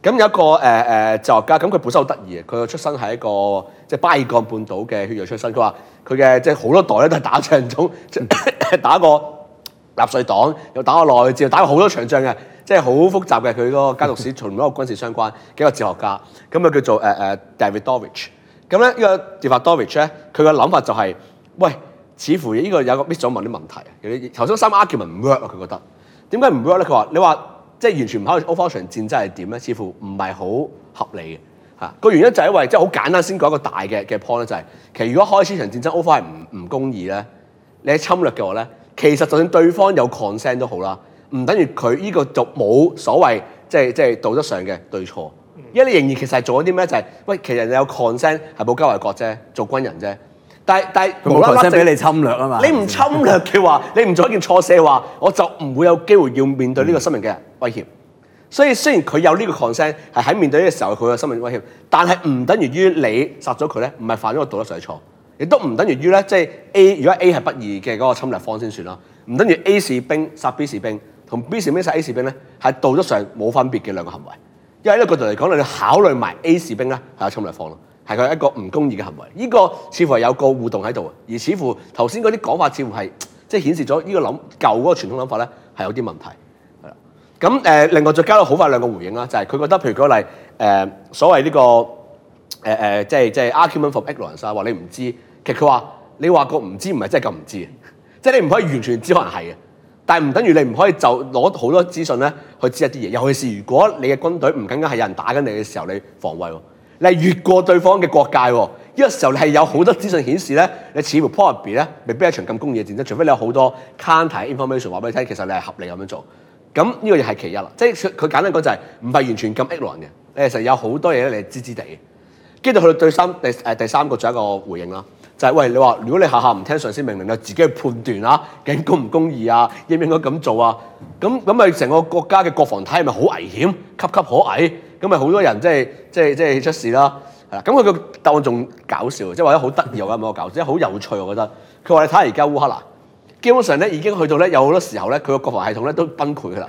咁有一個誒誒哲學家，咁佢本身好得意嘅，佢嘅出身係一個即係、就是、巴爾幹半島嘅血裔出身。佢話佢嘅即係好多代咧都係打仗中，種 打過納粹黨，又打過內戰，打過好多場仗嘅，即係好複雜嘅佢嗰個家族史， 從每一個軍事相關幾個哲學家，咁啊叫做誒誒、呃、David Dovich 咁咧呢、這個 David Dovich 咧，佢嘅諗法就係、是：喂，似乎呢個有個 miss 咗問啲問題。頭先三 argument 唔 work 佢覺得點解唔 work 咧？佢話你話。即係完全唔考慮歐方場戰爭係點咧，似乎唔係好合理嘅嚇。個、啊、原因就係因為即係好簡單，先講一個大嘅嘅 point 咧、就是，就係其實如果開始場戰爭 over 不，歐方係唔唔公義咧。你喺侵略嘅話咧，其實就算對方有 consent 都好啦，唔等於佢呢個就冇所謂，即係即係道德上嘅對錯。因為你仍然其實係做緊啲咩？就係、是、喂，其實你有 consent 係冇交為國啫，做軍人啫。但係但係佢無啦啦俾你侵略啊嘛！你唔侵略嘅話， 你唔做一件錯事嘅話，我就唔會有機會要面對呢個生命嘅威脅。所以雖然佢有呢個 consent 係喺面對呢個時候佢嘅生命威脅，但係唔等於你殺咗佢咧，唔係犯咗個道德上嘅錯，亦都唔等於咧即係 A 如果 A 係不義嘅嗰個侵略方先算咯。唔等於 A 士兵殺 B 士兵，同 B 士兵殺 A 士兵咧，係道德上冇分別嘅兩個行為。因為呢個角度嚟講，你要考慮埋 A 士兵咧係、就係、侵略方咯。係佢一個唔公義嘅行為，呢、這個似乎係有個互動喺度，而似乎頭先嗰啲講法似乎係即係顯示咗呢個諗舊嗰個傳統諗法咧係有啲問題。係啦，咁誒另外再加到好快兩個回應啦，就係、是、佢覺得譬如舉個例誒所謂呢、這個誒誒、呃、即係即係 argument from ignorance 啊，話你唔知，其實佢話你話個唔知唔係真係咁唔知，即、就、係、是、你唔可以完全知可能係嘅，但係唔等於你唔可以就攞好多資訊咧去知一啲嘢，尤其是如果你嘅軍隊唔僅僅係有人打緊你嘅時候，你防衞。你越過對方嘅國界，哦，呢個時候你係有好多資訊顯示咧，你似乎 probably 咧未必一場咁公義嘅戰爭，除非你有好多 counter information 話俾你聽，其實你係合理咁樣做。咁呢個亦係其一啦，即係佢簡單講就係唔係完全咁 ignorant 嘅，你其實有好多嘢咧，你係知知地嘅。跟住去到最深第誒第三個仲有一個回應啦，就係喂，你話，如果你下下唔聽上司命令，你自己去判斷啊，究竟公唔公義啊，應唔應該咁做啊？咁咁咪成個國家嘅國防體系咪好危險，岌岌可危。咁咪好多人即係即係即係出事啦，係啦。咁佢個答案仲搞笑即係或者好得意，我覺我搞，即係好有趣，我覺得。佢話你睇下而家烏克蘭，基本上咧已經去到咧有好多時候咧，佢個國防系統咧都崩潰㗎啦。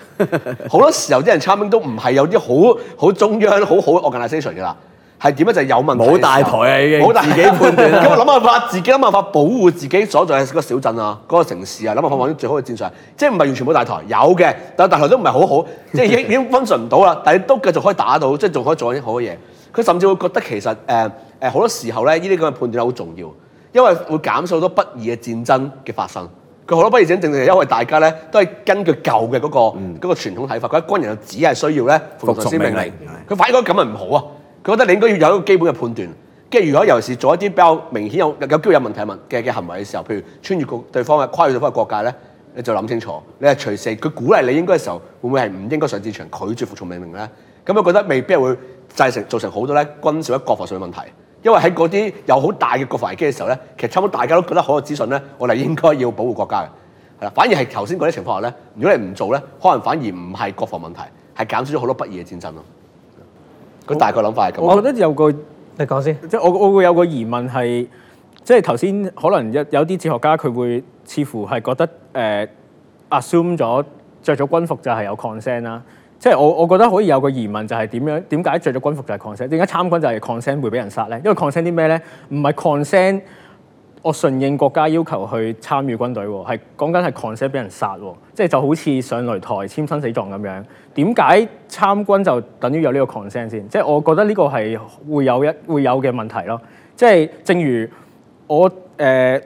好 多時候啲人參兵都唔係有啲好好中央好好 organization 㗎啦。係點咧？就係、是、有問題。冇大台啊，已經自己判斷。咁啊，諗辦法，自己諗辦法保護自己所在嘅個小鎮啊，嗰、那個城市啊，諗辦法揾最好嘅戰術啊。嗯、即係唔係完全冇大台？有嘅，但係大台都唔係好好， 即係已經已經分唔到啦。但係都繼續可以打到，即係仲可以做一啲好嘅嘢。佢甚至會覺得其實誒誒好多時候咧，呢啲咁嘅判斷好重要，因為會減少好多不義嘅戰爭嘅發生。佢好多不義戰爭，正正因為大家咧都係根據舊嘅嗰、那個嗰、嗯、個傳統睇法，佢覺得軍人只係需要咧服從師命令啊。佢反覺得咁係唔好啊！佢覺得你應該要有一個基本嘅判斷，跟住如果尤其是做一啲比較明顯有有有機會有問題問嘅嘅行為嘅時候，譬如穿越過對方嘅跨越對方嘅國界咧，你就諗清楚，你係隨時佢鼓勵你應該嘅時候，會唔會係唔應該上戰場拒絕服從命令咧？咁我覺得未必會製成造成好多咧軍事咧國防上嘅問題，因為喺嗰啲有好大嘅國防危機嘅時候咧，其實差唔多大家都覺得好有資訊咧，我哋應該要保護國家嘅，係啦。反而係頭先嗰啲情況下咧，如果你唔做咧，可能反而唔係國防問題，係減少咗好多不義嘅戰爭咯。
佢大概諗法係咁。我覺得有個，你講先，即係我我會有個疑問係，即係頭先可能有有啲哲學家佢會似乎係覺得誒、呃、assume 咗着咗軍服就係有 consent 啦。即係我我覺得可以有個疑問就係點樣？點解着咗軍服就係 consent？點解參軍就係 consent 會俾人殺咧？因為 consent 啲咩咧？唔係 consent 我順應國家要求去參與軍隊喎，係講緊係 consent 俾人殺喎。即、就、係、是、就好似上擂台簽生死狀咁樣。點解參軍就等於有呢個 consent 先？即係我覺得呢個係會有一會有嘅問題咯。即係正如我誒，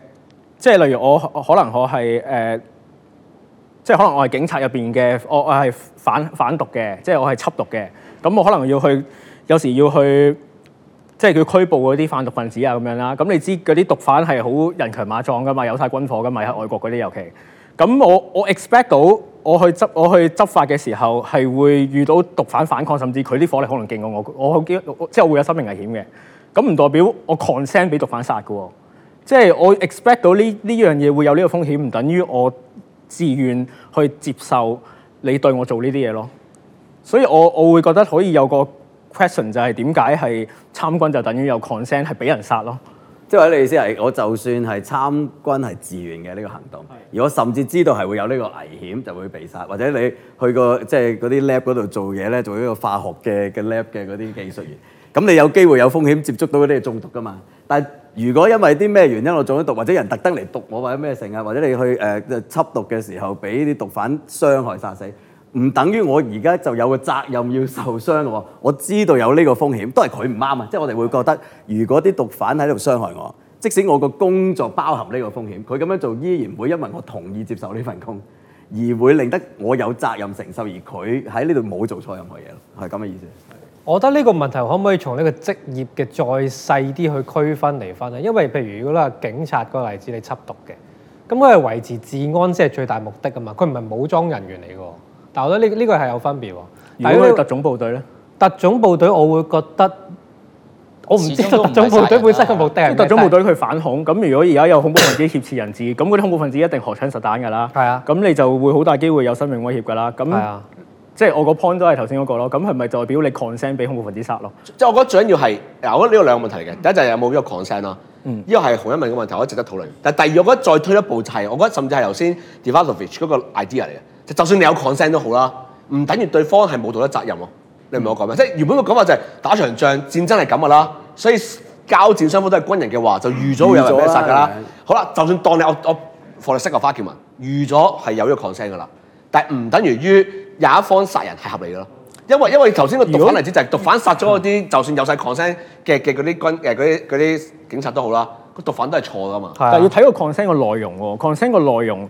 即係例如我可能我係誒，即係可能我係警察入邊嘅，我我係反反毒嘅，即係我係緝毒嘅。咁我可能要去，有時要去，即係要拘捕嗰啲販毒分子啊咁樣啦。咁你知嗰啲毒販係好人強馬壯噶嘛，有晒軍火噶嘛，喺外國嗰啲尤其。咁我我 expect 到我去執我去執法嘅時候係會遇到毒販反抗，甚至佢啲火力可能勁過我，我好驚，即我會有生命危險嘅。咁唔代表我 consent 俾毒販殺嘅，即係我 expect 到呢呢樣嘢會有呢個風險，唔等於我自願去接受你對我做呢啲嘢咯。所以我我會覺得可以有個 question 就係點解係參軍就等於有 consent 係俾人殺咯？
即係你意思係，我就算係參軍係自願嘅呢個行動，如果甚至知道係會有呢個危險就會被殺，或者你去個即係嗰啲 lab 嗰度做嘢咧，做呢個化學嘅嘅 lab 嘅嗰啲技術員，咁你有機會有風險接觸到嗰啲中毒㗎嘛？但係如果因為啲咩原因我中咗毒，或者人特登嚟毒我或者咩成啊，或者你去誒緝、呃、毒嘅時候俾啲毒販傷害殺死。唔等於我而家就有個責任要受傷嘅，我知道有呢個風險都係佢唔啱啊！即係我哋會覺得，如果啲毒販喺度傷害我，即使我個工作包含呢個風險，佢咁樣做依然會因為我同意接受呢份工，而會令得我有責任承受，而佢喺呢度冇做錯任何嘢咯，係咁嘅意思。
我覺得呢個問題可唔可以從呢個職業嘅再細啲去區分嚟分啊，因為譬如如果啦警察個例子，你緝毒嘅，咁佢係維持治安先係最大目的噶嘛，佢唔係武裝人員嚟㗎。但我覺得呢呢個係有分別喎。係如果係特種部隊咧，特種部隊我會覺得，我
唔知道不特種部隊本身嘅目的係。特種部隊佢反恐，咁 如果而家有恐怖分子挾持人質，咁嗰啲恐怖分子一定荷槍實彈㗎啦。係啊。咁你就會好大機會有生命威脅㗎啦。係啊。即係我個 point 都係頭先嗰個咯。咁係咪代表你 consent 俾恐怖分子殺咯？即係我覺得最緊要係，我覺得呢個兩個問題嚟嘅。第一就係有冇呢個 consent 咯。嗯。
呢個係洪一文嘅問題，我覺得值得討論。但第二，我覺得再推一步就係，我覺得甚至係頭先 development 嗰個 idea 嚟嘅。就算你有 consent 都好啦，唔等於對方係冇道德責任喎。你明我講咩？嗯、即係原本個講法就係、是、打場仗，戰爭係咁噶啦。所以交戰雙方都係軍人嘅話，就預咗會有人俾殺㗎啦。好啦，就算當你我我放你識個花劍文，預咗係有呢個 consent 㗎啦。但係唔等於於有一方殺人係合理嘅咯。因為因為頭先個毒販例子就係毒販殺咗嗰啲，嗯、就算有晒 consent 嘅嘅嗰啲啲啲警察都好啦。個毒販都係錯㗎嘛。但要
睇個 consent 個內容喎 consent 個內容。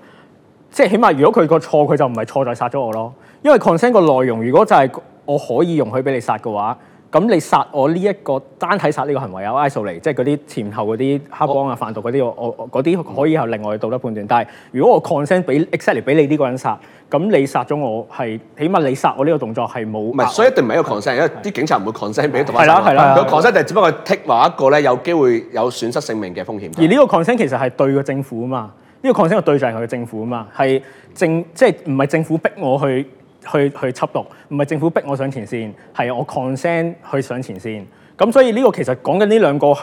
即係起碼，如果佢個錯，佢就唔係錯在殺咗我咯。因為 consent 個內容，如果就係我可以容許俾你殺嘅話，咁你殺我呢、這、一個單體殺呢個行為有 isolate 即係嗰啲前後嗰啲黑幫啊、販毒嗰啲，我我嗰啲可以係另外道德判斷。嗯、但係如果我 consent 俾 exactly 俾你呢個人殺，咁你殺咗我係起碼你殺我呢個動作係冇唔係，所以一
定唔係一個 consent 因為啲警察唔會
consent 俾你。係啦係啦，佢 consent
就係只不過剔話一個咧有機會有損失性命嘅
風險。而呢個 consent 其實係對個政府啊嘛。呢、這個抗爭嘅對象係佢嘅政府啊嘛，係政即係唔係政府逼我去去去緝毒，唔係政府逼我上前線，係我抗爭去上前線。咁所以呢個其實講緊呢兩個誒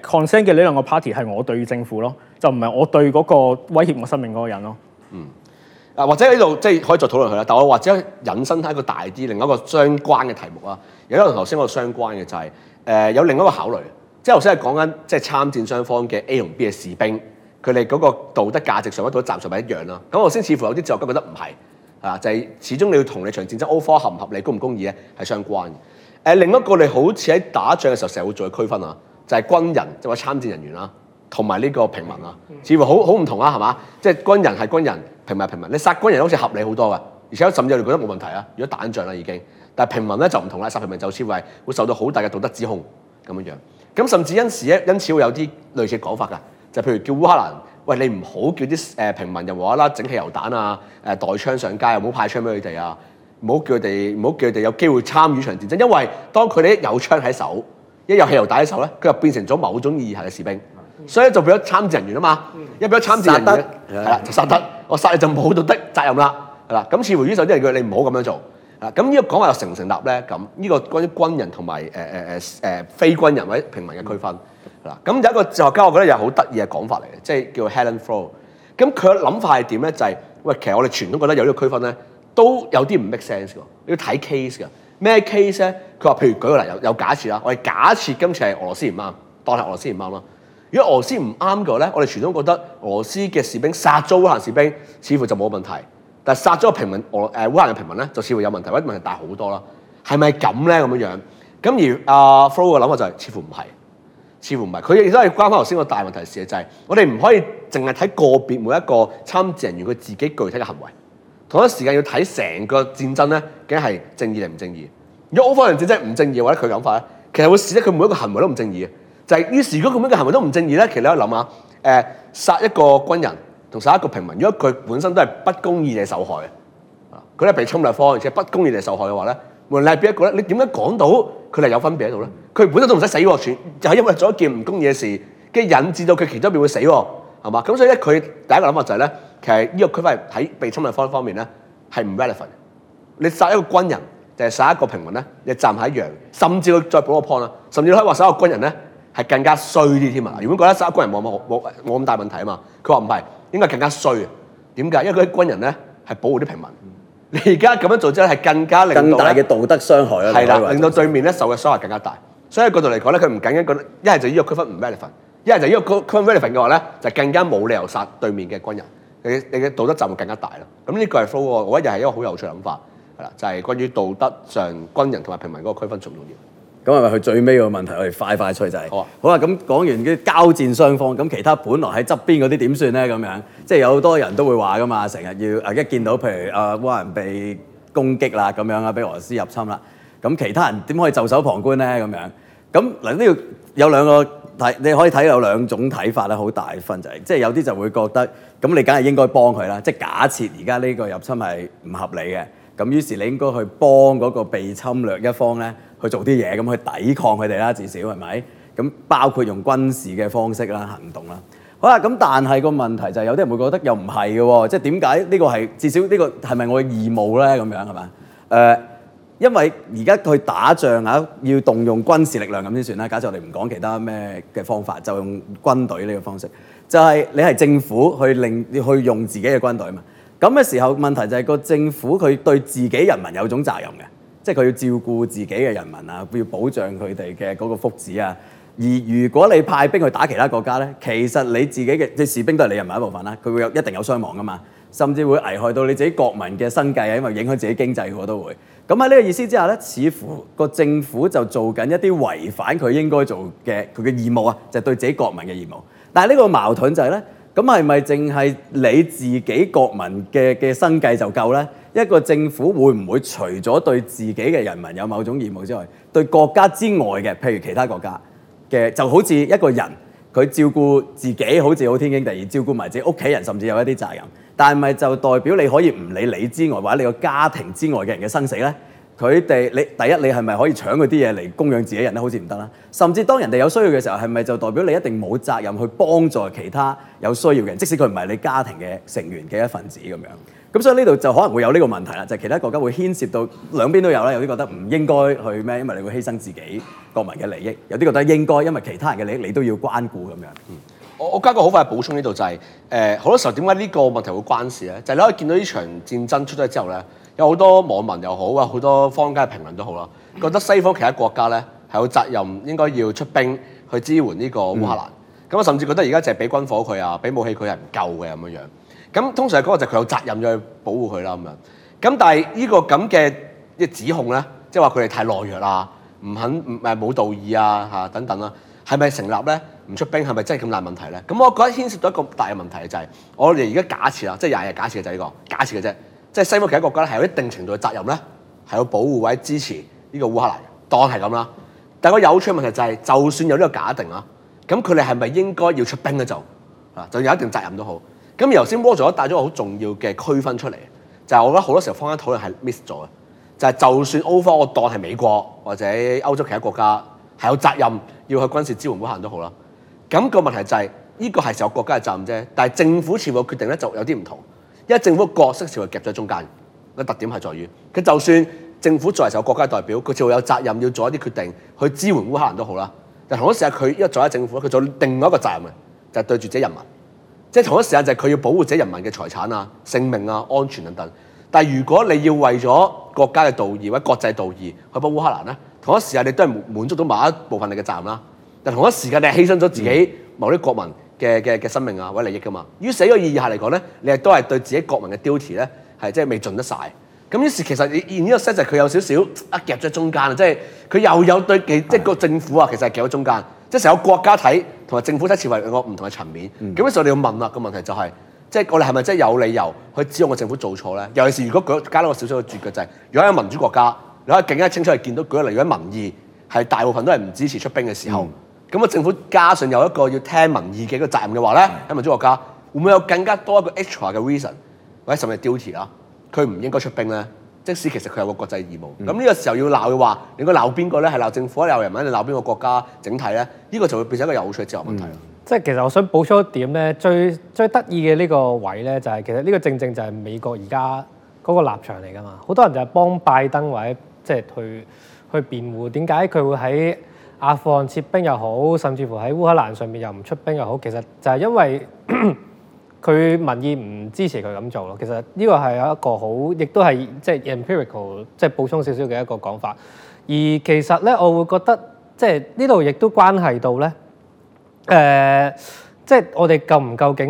抗爭嘅呢兩個 party 係我對政府咯，就唔係我對嗰個威脅我生命嗰個人咯。嗯，啊
或者喺度即係可以再討論佢啦。但我或者引申喺一個大啲、另一個相關嘅題目啊。有一個同頭先我相關嘅就係、是、誒、呃、有另一個考慮，即係頭先係講緊即係參戰雙方嘅 A 同 B 嘅士兵。佢哋嗰個道德價值上得到暫時咪一樣咯，咁我先似乎有啲哲學家覺得唔係，啊就係、是、始終你要同你場戰爭 overall 合唔合理、公唔公義咧係相關嘅、呃。另一個你好似喺打仗嘅時候成日會做嘅區分啊，就係、是、軍人就話、是、參戰人員啦，同埋呢個平民啊，似乎好好唔同啊，係嘛？即、就、係、是、軍人係軍人，平民係平民，你殺軍人好似合理好多嘅，而且我甚至我哋覺得冇問題啊，如果打仗啦已經，但係平民咧就唔同啦，殺平民就似乎會受到好大嘅道德指控咁樣樣，咁甚至因此咧因此會有啲類似嘅講法㗎。就譬如叫烏克蘭，喂你唔好叫啲誒平民又無啦整汽油彈啊，誒、呃、代槍上街，又唔好派槍俾佢哋啊，唔好叫佢哋，唔好叫佢哋有機會參與場戰爭，因為當佢哋一有槍喺手，一有汽油彈喺手咧，佢就變成咗某種意義下嘅士兵，所以就變咗參戰人員啊嘛，一變咗參戰人員，得、嗯，係啦、嗯，就殺得，嗯、我殺你就冇到的責任啦，係啦，咁似乎於手啲人叫你唔好咁樣做，啊，咁呢個講話又成唔成立咧？咁呢個關於軍人同埋誒誒誒誒非軍人或者平民嘅區分。嗯嗱，咁有一個哲學家，我覺得又係好得意嘅講法嚟嘅，即係叫 Helen Frowe。咁佢嘅諗法係點咧？就係喂，其實我哋傳統覺得有呢個區分咧，都有啲唔 make sense 㗎。你要睇 case 㗎。咩 case 咧？佢話，譬如舉個例，有有假設啦。我哋假設今次係俄羅斯唔啱，當係俄羅斯唔啱囉。如果俄羅斯唔啱嘅話咧，我哋傳統覺得俄羅斯嘅士兵殺咗烏克蘭士兵，似乎就冇問題；但係殺咗個平民，俄誒烏克蘭嘅平民咧，就似乎有問題，或者問題大好多啦。係咪咁咧？咁樣樣咁而阿 Frowe 嘅諗法就係，似乎唔係。似乎唔係，佢亦都係關翻頭先個大問題事嘅，就係、是、我哋唔可以淨係睇個別每一個參戰人員佢自己具體嘅行為，同一時間要睇成個戰爭咧，究竟係正義定唔正義？如果我方人戰爭唔正義或者佢講法咧，其實會使得佢每一個行為都唔正義嘅。就係、是、於是嗰咁樣嘅行為都唔正義咧，其實你可以諗下，誒殺一個軍人同殺一個平民，如果佢本身都係不公義嚟受害嘅，啊佢係被侵略方而且不公義嚟受害嘅話咧，無論你係邊一個咧，你點解講到佢哋有分別喺度咧？佢本身都唔使死喎，全就係因為做一件唔公義嘅事，跟住引致到佢其中一邊會死喎，係嘛？咁所以咧，佢第一個諗法就係、是、咧，其實呢個區分喺被侵略方方面咧係唔 relevant。你殺一個軍人定係殺一個平民咧，你站喺一樣。甚至佢再補個 point 啦，甚至可以話殺一個軍人咧係更加衰啲添啊！原本覺得殺一個軍人冇冇冇冇咁大問題啊嘛，佢話唔係，應該更加衰啊！點解？因為佢啲軍人咧係保護啲平民，嗯、你而家咁樣做之後係更加令到更大嘅
道德傷害啊。係啦，令到對
面咧受嘅傷害更加大。所以角度嚟講咧，佢唔僅僅覺得一係就呢個區分唔 relevant，一係就呢個區分 relevant 嘅話咧，就更加冇理由殺對面嘅軍人，你你嘅道德責任更加大咯。咁呢個係 focus，我覺得又係一個好有趣諗法，係啦，就係、是、關於道德上軍人同埋平民嗰個區分重唔重
要。咁係咪佢最尾個問題？我哋快快趣仔、就是。好啊，好啊。咁講完啲交戰雙方，咁其他本來喺側邊嗰啲點算咧？咁樣即係、就是、有好多人都會話噶嘛，成日要一見到譬如啊，某、呃、人被攻擊啦，咁樣啊，俾俄羅斯入侵啦。咁其他人點可以袖手旁觀呢？咁樣咁，嗱，呢個有兩個睇，你可以睇有兩種睇法咧，好大分就係，即係有啲就會覺得，咁你梗係應該幫佢啦。即係假設而家呢個入侵係唔合理嘅，咁於是你應該去幫嗰個被侵略一方呢去做啲嘢，咁去抵抗佢哋啦，至少係咪？咁包括用軍事嘅方式啦、行動啦。好啦，咁但係個問題就係、是，有啲人會覺得又唔係嘅喎，即係點解呢個係至少呢個係咪我嘅義務呢？咁樣係嘛？誒。呃因為而家佢打仗啊，要動用軍事力量咁先算啦。假設我哋唔講其他咩嘅方法，就用軍隊呢個方式，就係你係政府去令，去用自己嘅軍隊嘛。咁嘅時候問題就係，個政府佢對自己人民有種責任嘅，即係佢要照顧自己嘅人民啊，要保障佢哋嘅嗰個福祉啊。而如果你派兵去打其他國家呢，其實你自己嘅即係士兵都係你人民一部分啦，佢會有一定有傷亡噶嘛。甚至會危害到你自己國民嘅生計啊，因為影響自己經濟，我都會。咁喺呢個意思之下呢，似乎個政府就做緊一啲違反佢應該做嘅佢嘅義務啊，就對自己國民嘅義務。但係呢個矛盾就係呢，咁係咪淨係你自己國民嘅嘅生計就夠呢？一個政府會唔會除咗對自己嘅人民有某種義務之外，對國家之外嘅，譬如其他國家嘅，就好似一個人佢照顧自己，好似好天經地義照顧埋自己屋企人，甚至有一啲責任。但係就代表你可以唔理你之外或者你個家庭之外嘅人嘅生死呢？佢哋你第一你係咪可以搶佢啲嘢嚟供養自己人呢？好似唔得啦。甚至當人哋有需要嘅時候，係咪就代表你一定冇責任去幫助其他有需要嘅人？即使佢唔係你家庭嘅成員嘅一份子咁樣。咁所以呢度就可能會有呢個問題啦，就係其他國家會牽涉到兩邊都有啦。有啲覺得唔應該去咩？因為你會犧牲自己國民嘅利益。有啲覺得應該，因為其他人嘅利益你都要關顧咁樣。嗯
我加個好快補充呢度就係誒好多時候點解呢個問題會關事咧？就係、是、你可以見到呢場戰爭出咗之後咧，有好多網民又好啊，很多方評論也好，多坊間嘅評論都好啦，覺得西方其他國家咧係有責任應該要出兵去支援呢個烏克蘭。咁、嗯、我甚至覺得而家淨係俾軍火佢啊，俾武器佢係唔夠嘅咁樣樣。咁通常嗰個就係佢有責任要去保護佢啦咁樣。咁但係呢個咁嘅即係指控咧，即係話佢哋太懦弱啦，唔肯唔誒冇道義啊嚇等等啦。係咪成立咧？唔出兵係咪真係咁大問題咧？咁我覺得牽涉到一個大嘅問題就係，我哋而家假設啦，即係又係假設就係呢個假設嘅啫，即係西方其他國家咧係有一定程度嘅責任咧，係要保護或者支持呢個烏克蘭人。當係咁啦，但係個有趣嘅問題就係，就算有呢個假定啊，咁佢哋係咪應該要出兵咧？就啊，就有一定責任都好。咁由先 Walzer 都帶咗個好重要嘅區分出嚟，就係，我覺得好多時候坊間討論係 miss 咗，就係，就算歐方，我當係美國或者歐洲其他國家。係有責任要去軍事支援烏克蘭都好啦，咁、那個問題就係、是、呢、這個係時候國家嘅責任啫，但係政府全部決定咧就有啲唔同，因為政府角色朝係夾咗中間嘅，那個特點係在於佢就算政府作為時候國家代表，佢就會有責任要做一啲決定去支援烏克蘭都好啦，但同時一時間佢一個作為一政府，佢做另外一個責任就係、是、對住自己人民，即係同一時間就係佢要保護自己人民嘅財產啊、性命啊、安全等等。但係如果你要為咗國家嘅道義或者國際道義去幫烏克蘭咧？同一時間你都係滿足到某一部分你嘅責任啦，但同一時間你係犧牲咗自己某啲、嗯、國民嘅嘅嘅生命啊或者利益噶嘛，於死嘅意義下嚟講咧，你係都係對自己國民嘅 duty 咧係即係未盡得晒。咁於是其實而呢個 set 就係佢有少少一點點夾咗中間，即係佢又有對即係個政府啊，其實係夾咗中間，即係成、嗯、個國家睇同埋政府睇次為兩個唔同嘅層面，咁於是你要問啦、那個問題就係、是，即係我哋係咪真係有理由去指控個政府做錯咧？尤其是如果佢加多個少少嘅注腳就係，如果有民主國家。你可以更加清楚係見到舉例，如果民意係大部分都係唔支持出兵嘅時候，咁、嗯、啊政府加上有一個要聽民意嘅一個責任嘅話咧，咁啊民主國家會唔會有更加多一個 extra 嘅 reason 或者甚至 duty 啦？佢唔應該出兵咧，即使其實佢有個國際義務。咁、嗯、呢個時候要鬧嘅話，應該鬧邊個咧？係鬧政府，鬧人民，定鬧邊個國家整體咧？呢、這個就會變成一個有趣嘅哲學問題。即、嗯、係其實我想
補充一點咧，最最得意嘅呢個位咧、就是，就係其實呢個正正就係美國而家嗰個立場嚟㗎嘛。好多人就係幫拜登或者。即係去去辯護點解佢會喺阿富汗撤兵又好，甚至乎喺烏克蘭上面又唔出兵又好，其實就係因為佢民意唔支持佢咁做咯。其實呢個係有一個好，亦都係即係 empirical，即係補充少少嘅一個講法。而其實咧，我會覺得即係呢度亦都關係到咧，誒、呃。即係我哋究唔究竟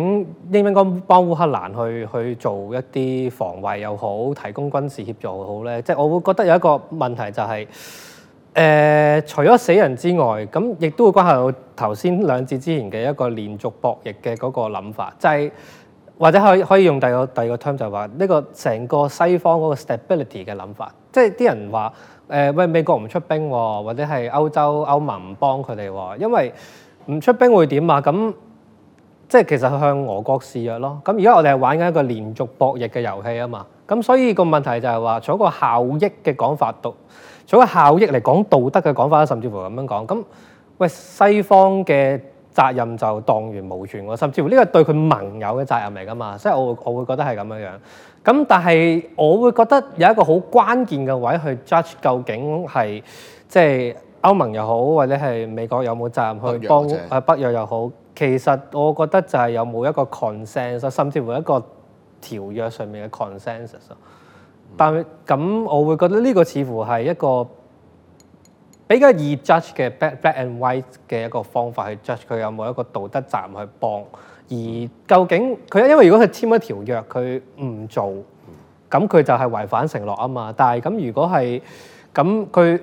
應唔應該幫烏克蘭去去做一啲防衛又好，提供軍事協助又好咧。即係我會覺得有一個問題就係、是，誒、呃，除咗死人之外，咁亦都會關係到頭先兩節之前嘅一個連續博弈嘅嗰個諗法，就係、是、或者可以可以用第二個第二個 term 就係話呢個成個西方嗰個 stability 嘅諗法，即係啲人話誒、呃，喂，美國唔出兵喎，或者係歐洲歐盟唔幫佢哋喎，因為唔出兵會點啊？咁即係其實佢向俄國示弱咯，咁而家我哋係玩緊一個連續博弈嘅遊戲啊嘛，咁所以個問題就係話，除咗個效益嘅講法，除咗效益嚟講道德嘅講法，甚至乎咁樣講，咁喂，西方嘅責任就當完無完蕩然無存喎，甚至乎呢個對佢盟友嘅責任嚟噶嘛，即係我會我會覺得係咁樣樣，咁但係我會覺得有一個好關鍵嘅位去 judge 究竟係即係歐盟又好，或者係美國有冇責任去幫誒北約又、就是、好。其實我覺得就係有冇一個 consensus，甚至乎一個條約上面嘅 consensus 但。但咁，我會覺得呢個似乎係一個比較易 judge 嘅 black black and white 嘅一個方法去 judge 佢有冇一個道德責任去幫。而究竟佢因為如果佢簽咗條約佢唔做，咁佢就係違反承諾啊嘛。但係咁如果係咁佢。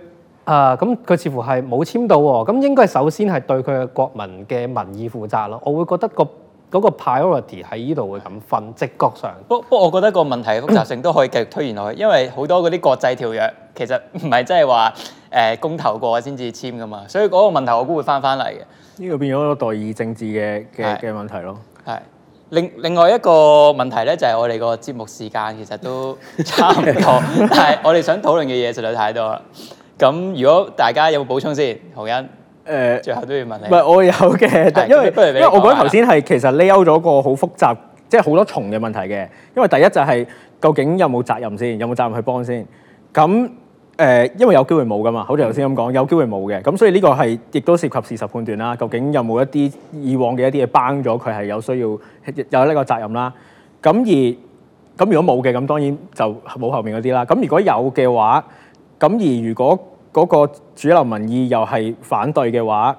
啊，咁佢似乎係冇簽到喎、哦，咁應該首先係對佢嘅國民嘅民意負責咯。我會覺得個嗰個 priority 喺呢度會咁分，直覺上。
不不，我覺得個問題嘅複雜性都可以繼續推延落去， 因為好多嗰啲國際條約其實唔係真係話誒公投過先至簽噶嘛，所以嗰個問題我估會翻返嚟嘅。呢、
呢個變咗個代議政治嘅嘅嘅
問題咯。係。另另外一個問題咧，就係、係、我哋個節目時間其實都差唔多， 但係我哋想討論嘅嘢實在太多啦。咁如果大家有冇補充先，洪恩？誒，最後
都要問你。唔係我有嘅，因為因為我覺得頭先係其實 lay out 咗個好複雜，即係好多重嘅問題嘅。因為第一就係究竟有冇責任先，有冇責任去幫先？咁誒，因為有機會冇㗎嘛，好似頭先咁講，有機會冇嘅。咁所以呢個係亦都涉及事實判斷啦。究竟有冇一啲以往嘅一啲嘢幫咗佢係有需要有呢個責任啦？咁而咁如果冇嘅，咁當然就冇後面嗰啲啦。咁如果有嘅話，咁而如果嗰個主流民意又係反對嘅話，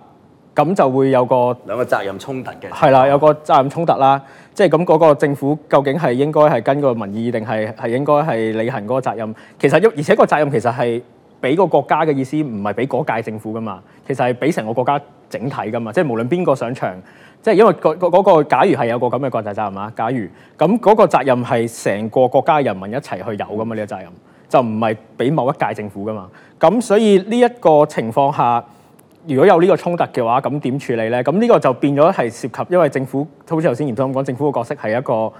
咁就會有個兩個責任衝突嘅，係啦，有個責任衝突啦。即係咁，嗰個政府究竟係應該係跟個民意，定係係應該係履行嗰個責任？其實，而且個責任其實係俾個國家嘅意思，唔係俾嗰屆政府噶嘛。其實係俾成個國家整體噶嘛。即係無論邊個上場，即係因為嗰嗰個假如係有個咁嘅國際責任啊。假如咁嗰個責任係成個國家嘅人民一齊去有噶嘛？呢個責任就唔係俾某一屆政府噶嘛。咁所以呢一個情況下，如果有呢個衝突嘅話，咁點處理呢？咁呢個就變咗係涉及，因為政府好似頭先嚴生講，政府嘅角色係一個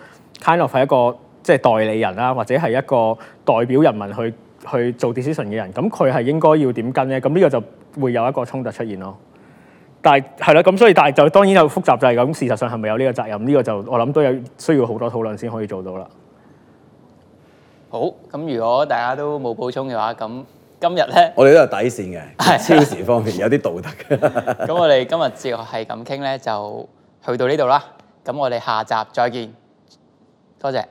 kind of 係一個即係代理人啦，或者係一個代表人民去去做 decision 嘅人，咁佢係應該要點跟呢？咁呢個就會有一個衝突出現咯。但係係啦，咁所以但係就當然有複雜就係、是、咁。事實上係咪有呢個責任？呢、這個就我諗都有需要好多討論先可以做到啦。
好，咁如果大家都冇補充嘅話，咁。今日咧，我哋都有
底線嘅，超時方面有啲道德
嘅。咁我哋今日哲學係咁傾咧，就去到呢度啦。咁我哋下集再見，多謝。